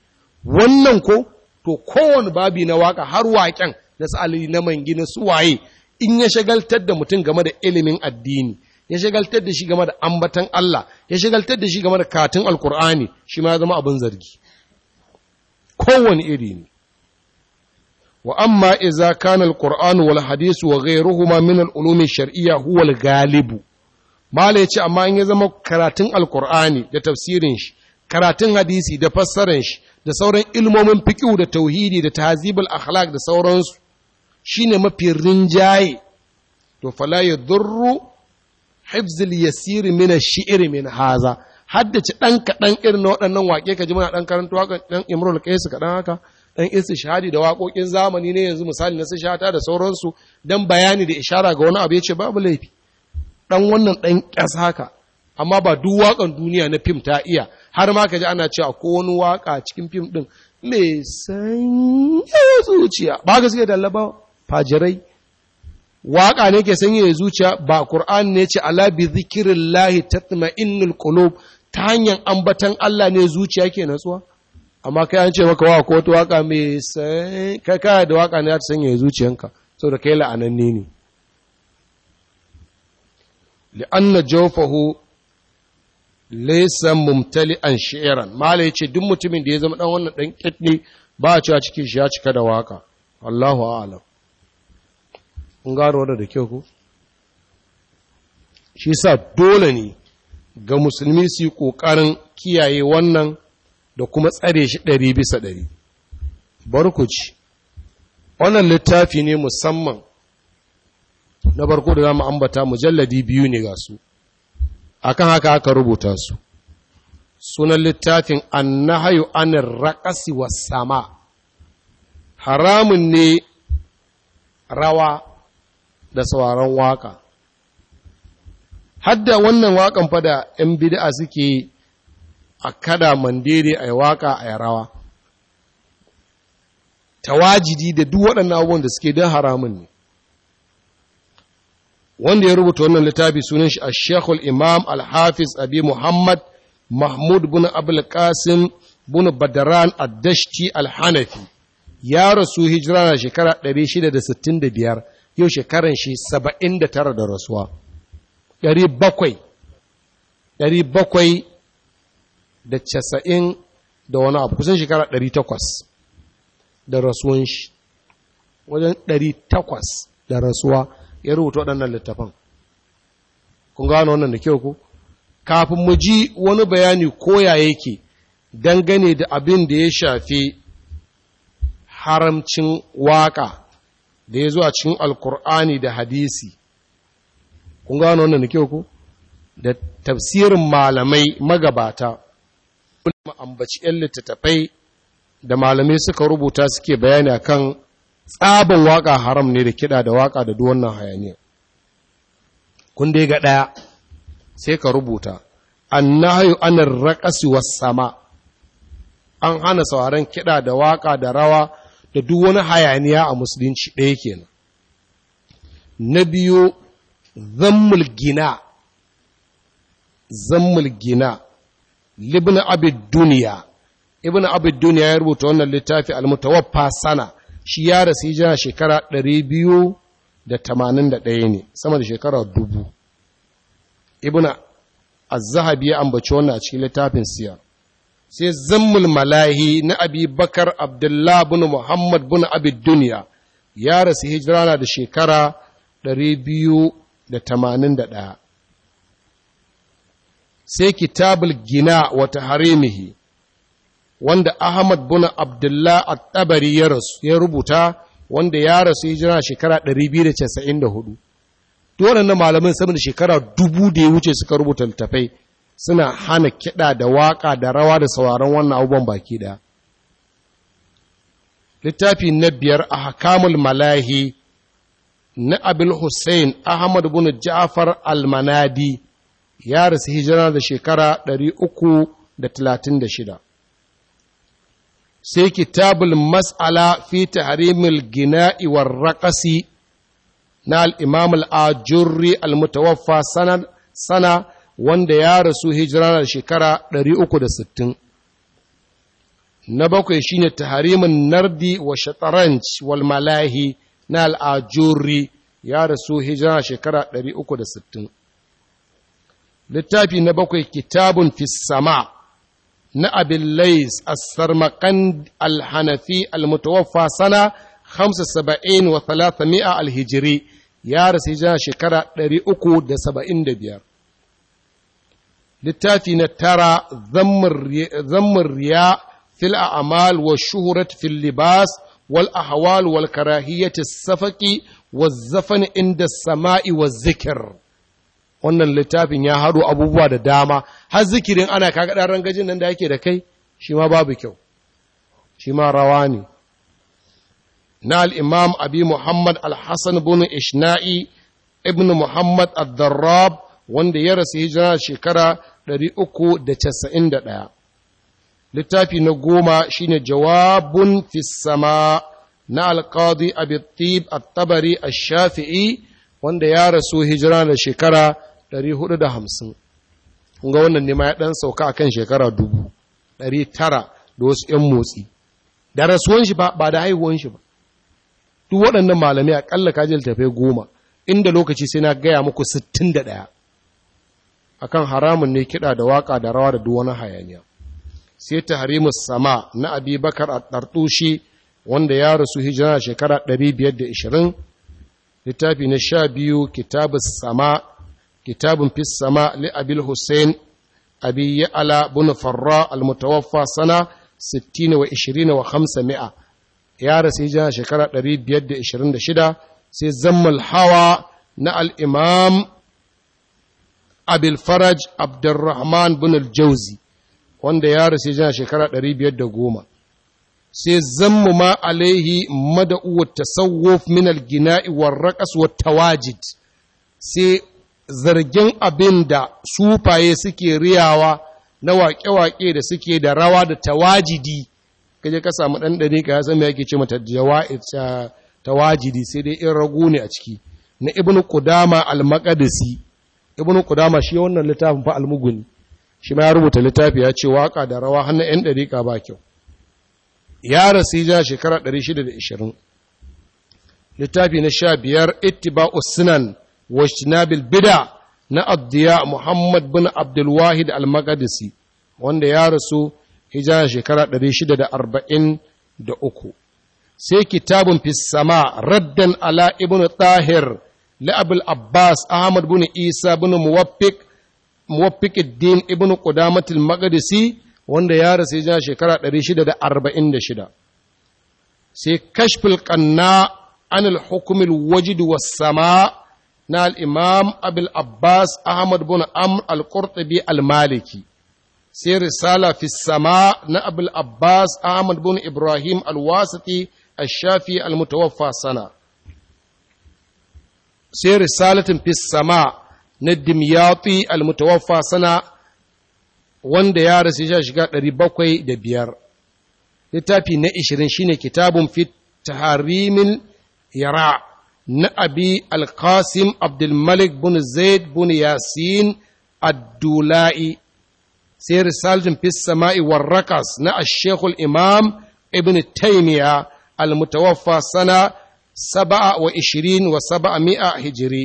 wannan ko to kowane babi na waka har waken na sa'ali na mangina su waye in ya shagaltar da mutum game da ilimin addini ya shagaltar da shi game da ambatan Allah ya shagaltar da shi game da katin alkur'ani shi ma ya zama abin zargi kowane iri ne wa amma iza kana alqur'anu wal hadisu wa ghayruhuma min al-ulumi shar'iyya huwa al mala ya ce amma in ya zama karatun alkur'ani da tafsirin shi karatun hadisi da fassarar shi da sauran ilmomin fiƙi da tauhidi da tazibul akhlaq da sauransu shine mafi rinjaye to fala ya yadurru hifzil yasir min ash-shi'r min haza haddace dan kadan irin na waɗannan waƙe ka ji muna dan karanto haka dan Imrul Qais kadan haka dan shahadi da waƙoƙin zamani ne yanzu misali na su shata da sauransu dan bayani da ishara ga wani abu ya ce babu laifi ɗan wannan ɗan ƙasa haka amma ba duk waƙan duniya na fim ta iya har ma ka ji ana cewa ko wani waƙa cikin fim ɗin mai sanya zuciya ba ka suke ba fajirai waƙa ne ke sanya zuciya ba Kur'an ne ce ala bi zikirillahi tatma'innul qulub ta hanyar ambatan Allah ne zuciya ke natsuwa amma kai an ce maka ko wata waka mai sai kai kai da waka ne ya sanya zuciyanka saboda kai la'ananne ne li'anna jawfahu laysa mumtali'an shi'ran mala ce duk mutumin da ya zama dan wannan dan kidni ba a cewa cikin shi ya cika da waka Allahu a'lam kun gano da kyau ko shi sa dole ne ga musulmi su yi kokarin kiyaye wannan da kuma tsare shi ɗari bisa ɗari barkuci wannan littafi ne musamman na barko da zama ambata mujalladi biyu ne ga su akan haka aka rubuta su sunan littafin annahayu anir raqasi was sama haramun ne rawa da sauraron waka hadda wannan wakan fada yan bid'a suke a kada mandere a yi waka a yi rawa tawajidi da duk waɗannan abubuwan da suke don haramun ne wanda ya rubuta wannan littafi sunan shi Ash-Sheikhul Imam Al-Hafiz Abi Muhammad Mahmud bin Abdul Qasim bin Badran Ad-Dashti Al-Hanafi ya rasu hijira a shekara 665 yau shekaran shi 79 da rasuwa 700 da 90 da wani abu kusan shekara 800 da rasuwan shi wajen 800 da rasuwa ya rubuta waɗannan littafan kun gano wannan da kyau ku kafin mu ji wani bayani koya yake dangane da abin da ya shafi haramcin waƙa da ya zo a cikin alkur'ani da hadisi kun gano wannan da kyau ku da tafsirin malamai magabata ambaci 'yan littattafai da malamai suka rubuta suke bayani a kan. tsaban waka haram ne da kiɗa da waka da duk wannan hayaniya kun dai ga ɗaya sai ka rubuta annahyu anar raqasi was sama an hana sauraron kiɗa da waka da rawa da duk hayaniya a musulunci ɗaya kenan na biyu zammul gina zammul gina libna abid duniya ibn abid duniya ya rubuta wannan littafi al-mutawaffa sana shi ya rasu jana shekara 281 ne sama da shekara dubu ibuna a zahabi ya ambaci wannan a cikin littafin siya. sai zammul malahi na abi bakar abdullah bin muhammad bin abid duniya ya rasu hijira na da shekara 281 sai kitabul gina wata harimihi wanda Ahmad bin Abdullah at-Tabari ya ya rubuta wanda ya rasu hijira shekara 294 to wannan malamin sama da shekara dubu da ya wuce suka rubuta littafai suna hana kiɗa da waƙa da rawa da sauraron wannan abubuwan baki da. littafi na biyar a malahi na abul hussein ahmad bin ja'far Al-Manadi ya rasu hijira da shekara 336 sai kitabul mas'ala fi tahrimil gina'i war raqasi na al-imam al-ajurri al-mutawaffa sana sana wanda ya rasu hijira da shekara 360 na bakwai shine tahrimin nardi wa shatranj wal malahi na al-ajurri ya rasu hijira shekara 360 littafi na bakwai kitabun fis sama na abin lais as-sarmaqan alhanafi, hanafi sana 75 wa 300 al-hijri ya rasu hijira shekara 375 littafi na tara zammin ya fil a'mal wa shuhurat fil libas wal ahwal wal karahiyati safaki wa zafan inda sama'i wa zikir wannan littafin ya haɗo abubuwa da dama har zikirin ana kaga ɗan rangajin nan da yake da kai shi ma babu kyau shi ma rawa ne na al'imam abi muhammad AlHassan Bun bin ishna'i ibn muhammad al-darrab wanda ya rasu hijira shekara 391 littafi na goma shine jawabun fisama na alƙadi abitib at-tabari shafii wanda ya rasu hijira da shekara 450 ga wannan nema ya ɗan sauka a kan shekara dubu da wasu ‘yan motsi da rasuwan shi ba da haihuwan shi ba duk waɗannan malamai ƙalla kajin tafai goma inda lokaci sai na gaya muku sittin da ɗaya a kan haramun ne kiɗa da waƙa da rawa da duk wani hayaniya sai ta harimu sama na abi bakar a ɗarɗushi wanda ya rasu hijira shekara 520 littafi na sha biyu kitabu sama kitabun fi sama li abil hussein abi Ala bin farra al-mutawaffa sana 60 wa 20 wa 500 ya rasu jana shekara 526 sai zammal hawa na al-imam abil faraj abdurrahman bin al wanda ya rasu jana shekara 510 sai zammu ma alaihi mada'u wa tasawwuf min al-gina'i war raqas wa tawajid sai zargin abin da sufaye suke riyawa na waƙe-waƙe da suke da rawa da tawajidi kaje ka samu dan ɗari ka san me yake ce mata tawajidi sai dai in ragu ne a ciki na ibnu Kudama al-maqdisi ibnu Kudama shi wannan littafin fa al-muguni shi ma ya rubuta littafi ya ce waka da rawa na yan ɗari ka ba kyau ya rasu ja shekara 620 littafi na 15 ittiba sunan wa bida na abdiya Muhammad bin Abdulwahid al-Maqdisi wanda ya rasu hijira shekara 643 sai kitabun fi sama raddan ala ibn tahir لأبو Abbas, أحمد بن إيسى بن موفق موفق الدين ابن قدامة المقدسي wanda ya rasu ya shekara 646 sai kashfil qanna an al-hukm al-wajd was-sama na al'imam abil abbas ahmad bin amr al-qurtubi al-maliki sai risala fi sama na abil abbas ahmad bin ibrahim al-wasiti al-shafi al-mutawaffa sana sai risalatin fi sama na dimyati al-mutawaffa sana wanda ya rasu ya shiga ɗari bakwai da biyar littafi na ishirin shine kitabun fi taharimin yara' na abi alkasim abdulmalik bin zaid bin yasin addula'i sai risaltin fi sama'i warrakas na ashekul imam ibn taimiya almutawaffa sana saba'a wa ishirin wa saba'a mi'a hijiri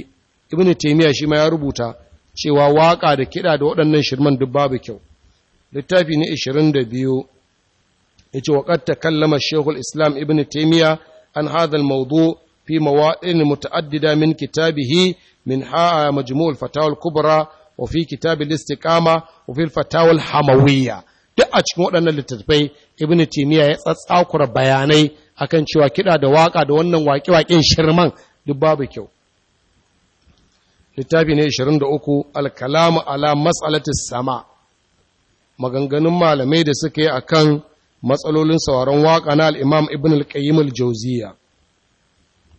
ibn taimiya shi ma ya rubuta cewa waƙa da kiɗa da waɗannan shirman duk babu kyau littafi na ishirin da biyu ya ce waƙar ta kallama shekul islam ibn taimiya an hadal maudu في مواطن muta'addida min kitabihi min ha majmu'ul fatawul kubra wa fi kitabil istiqama wa duk a cikin waɗannan littattafai Ibn timiya ya tsatsakura bayanai akan cewa kiɗa da waƙa da wannan waƙe-waƙen shirman duk babu kyau littafi ne 23 alkalamu ala matsalatis sama maganganun malamai da suka yi akan matsalolin sauraron waƙa na al'imam ibn al jauziya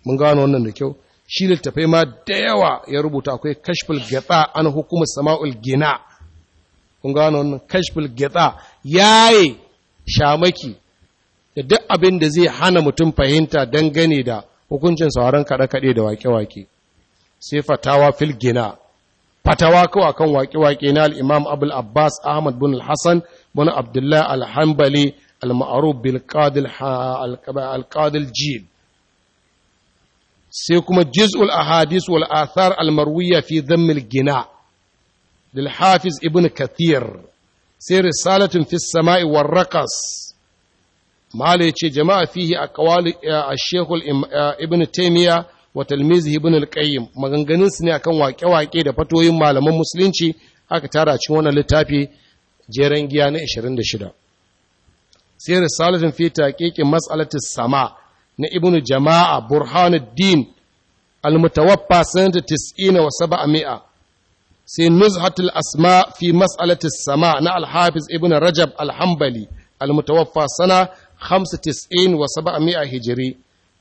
mun gano wannan da kyau shi littafai ma da yawa ya rubuta akwai kashful gata an hukumar sama'ul gina mun gano wannan kashful gata yaye shamaki da duk abin da zai hana mutum fahimta dangane da hukuncin sauran kaɗe-kaɗe da wake-wake sai fatawa fil gina fatawa kawa kan wake-wake na al'imam abul abbas ahmad bin hassan bin abdullahi alhambali hambali al-ma'aruf bil-qadil sai kuma juz'ul ahadis wal athar al marwiya fi dhammil gina lil hafiz ibn kathir sai risalatun fi samai war raqas mala yace jama'a fihi aqwal eh, ash-shaykh eh, ibn taymiya wa Talmizi ibn al-qayyim maganganun su ne akan waƙe-waƙe da fatoyin malaman musulunci aka tara cikin wannan littafi jeren giya na 26 sai risalatun fi taqiqi mas'alati sama na ibnu jama'a burhanuddin almutawaffa sanata tis'ina wa saba'a mi'a sai nuzhatul asma fi mas'alati sama na al-hafiz ibnu rajab alhambali almutawaffa sana 95 wa Mi'a hijiri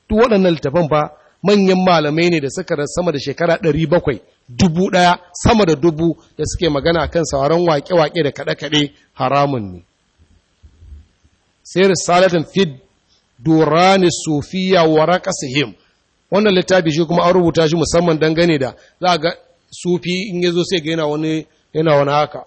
duk waɗannan littafan ba manyan malamai ne da suka da sama da shekara 700 dubu ɗaya sama da dubu da suke magana kan sauran waƙe-waƙe da kaɗe-kaɗe haramun ne sai risalatin fid durani sufiya wa raqasihim wannan littafi shi kuma an rubuta shi musamman dangane da za ga sufi in zo sai ga yana wani yana wani haka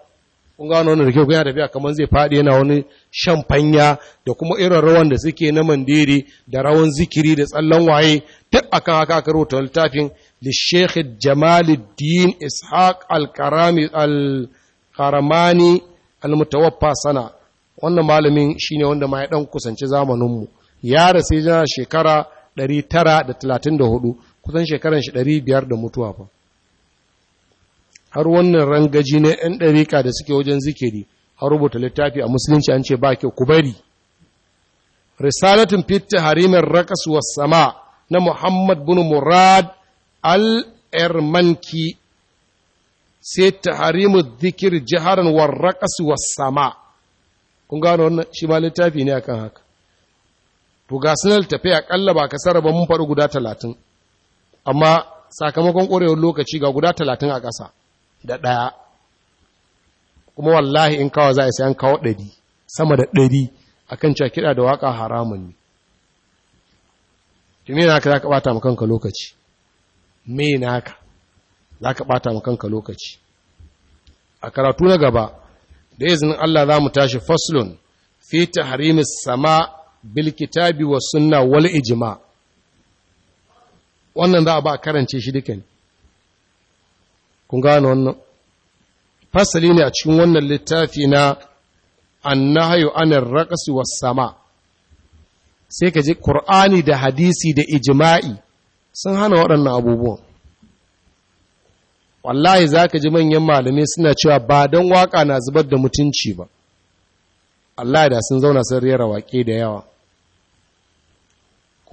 kun gano wannan yana tafiya kamar zai faɗi yana wani shan fanya da kuma irin rawan da suke na mandiri da rawan zikiri da tsallan waye duk akan haka aka rubuta littafin li Sheikh Jamaluddin Ishaq Al-Karami Al-Karamani al sana wannan malamin shine wanda ma ya dan kusanci zamaninmu. mu ya rasu yana shekara 934 kusan shekaran shi 500 da mutuwa fa har wannan rangaji na 'yan ɗarika da suke wajen zikiri har rubuta littafi a musulunci an ce ba kyau ku bari risalatin fitta harimin rakas sama na muhammad bin murad al-ermanki sai ta harimu zikir jiharan warrakas sama kun gano wannan shi ma littafi ne akan haka to ga sunan tafiya akalla ba ka ba mun faɗi guda talatin amma sakamakon ƙorewar lokaci ga guda talatin a ƙasa da ɗaya kuma wallahi in kawo za a sayan kawo ɗari sama da ɗari a kan cewa kiɗa da waƙa haramun ne tuni na ka za ka ɓata makanka lokaci me na ka za ka ɓata makanka lokaci a karatu na gaba da izinin Allah za mu tashi faslun fi tahrimis sama bil kitabi wa sunna wal ijma wannan za a ba karance shi duka ne kun gano wannan fasali ne a cikin wannan littafi na annahayu, anar raqsi was sama sai ka ji qur'ani da hadisi da ijima'i sun hana waɗannan abubuwan wallahi za ka ji manyan malamai suna cewa ba don waka na zubar da mutunci ba Allah da sun zauna sun rera waƙe da yawa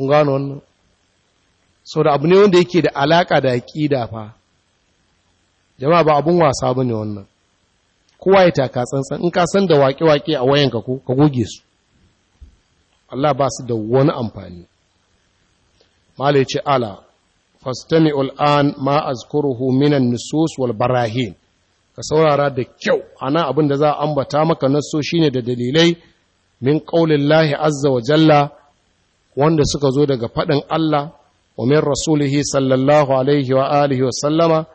kun gano wannan sau da abu ne wanda yake da alaƙa da aƙida fa jama'a ba abun wasa ba ne wannan kowa ya taka tsantsan in ka san da waƙe-waƙe a wayanka ko ka goge su Allah ba su da wani amfani malai ce ala fastami ul'an ma azkuruhu minan nusus wal barahin ka saurara da kyau ana abin da za a ambata maka nasso ne da dalilai min qaulin lahi azza wa jalla wanda suka zo daga faɗin Allah wa min rasulihi sallallahu alaihi wa alihi wa sallama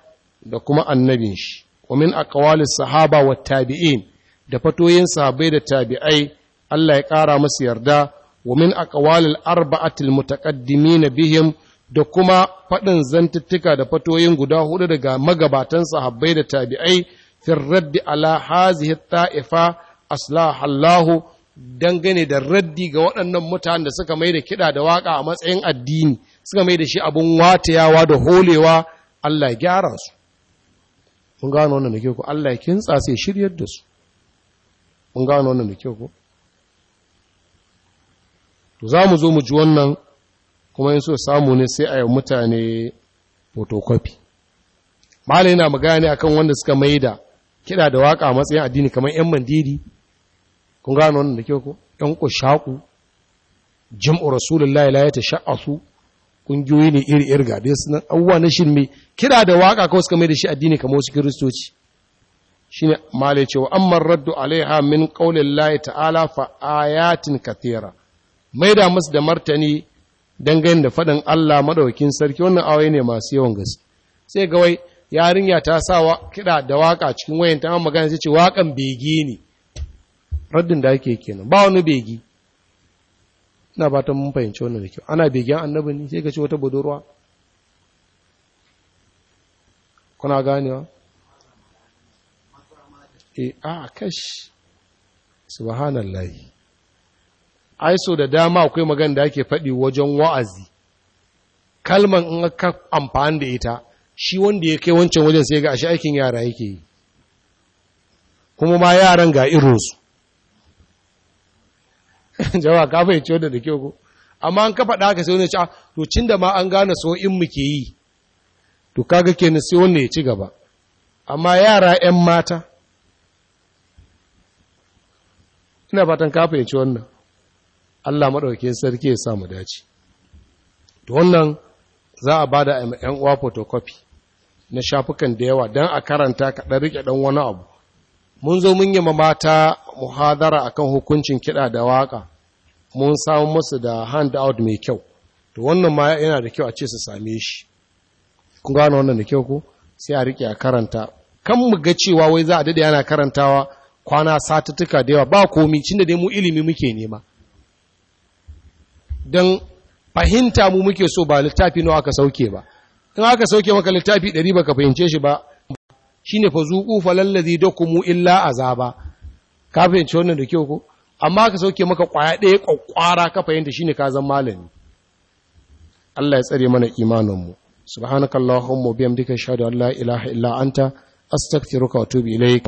da kuma annabin shi wa min aqwalis sahaba wa tabi'in da fatoyin sahabbai da tabi'ai Allah ya ƙara masu yarda wa min aqwalil arba'atil mutaqaddimin bihim da kuma faɗin zantuttuka da fatoyin guda hudu daga magabatan sahabbai da tabi'ai fi raddi ala hazihi ta'ifa aslahallahu dangane da raddi ga waɗannan mutanen da suka mai da kiɗa da waƙa a matsayin addini suka mai da shi abin watayawa da holewa Allah ya gyara su mun gano wannan da ke ku Allah ya kintsa sai shiryar da su mun gano wannan da ke ku to za mu zo mu ji wannan kuma in so samu ne sai a yi mutane photocopy malai yana magana akan wanda suka mai da kiɗa da waƙa a matsayin addini kamar 'yan mandiri kun gano wannan da kyau ko ɗan ƙushaku jam'u rasulullahi la ya ta sha'asu ƙungiyoyi ne iri iri ga dai sunan abubuwa na shirme kira da waka kawai suka mai da shi addini kamar wasu kiristoci shine male cewa amma raddu alaiha min qaulillahi ta'ala fa ayatin kathira maida masu da martani dangane da faɗin Allah maɗaukin sarki wannan awaye ne masu yawan gaske sai ga wai yarinya ta sawa kiɗa da waka cikin wayan ta magana sai ce wakan bege ne raddin da ake kenan ba wani begi ina ba ta mun fahimci wannan da kyau ana begen annabi ne sai ka ci wata budurwa kuna ganewa eh a kash subhanallahi ai so da dama akwai magana da ake faɗi wajen wa'azi kalman in ka amfani da ita shi wanda ya kai wancan wajen sai ga ashe aikin yara yake yi kuma ma yaran ga irinsu (laughs) jama'a ka fahimci wanda da kyau ko amma an kafa da haka sai wani ya ci ah, to cin da ma an gane so in muke yi to kaga kenan sai wanda ya ci gaba amma yara 'yan mata ina fatan ka fahimci wannan Allah maɗauke sarki ya samu dace to wannan za a bada ƴan uwa photocopy na shafukan da yawa dan a karanta ka dan rike dan wani abu mun zo mun yi mata muhadara akan hukuncin kiɗa da waƙa mun samu musu da handout mai kyau to wannan ma yana da kyau a ce su same shi kun gano wannan da kyau ko sai a rike a karanta kan mu ga cewa wai za a dade yana karantawa kwana satuttuka da yawa ba komi cinda dai mu ilimi muke nema don fahimta mu muke so ba littafi nawa aka sauke ba in aka sauke maka littafi ɗari baka fahimce shi ba shine fa zuqu falallazi dakumu illa azaba ka fahimci wannan da kyau ko amma ka sauke maka kwaya ɗaya kwakwara ka fahimta shi ka zan malami Allah ya tsare mana imaninmu subhanakallahumma bihamdika ashhadu an la ilaha illa anta astaghfiruka wa atubu ilayk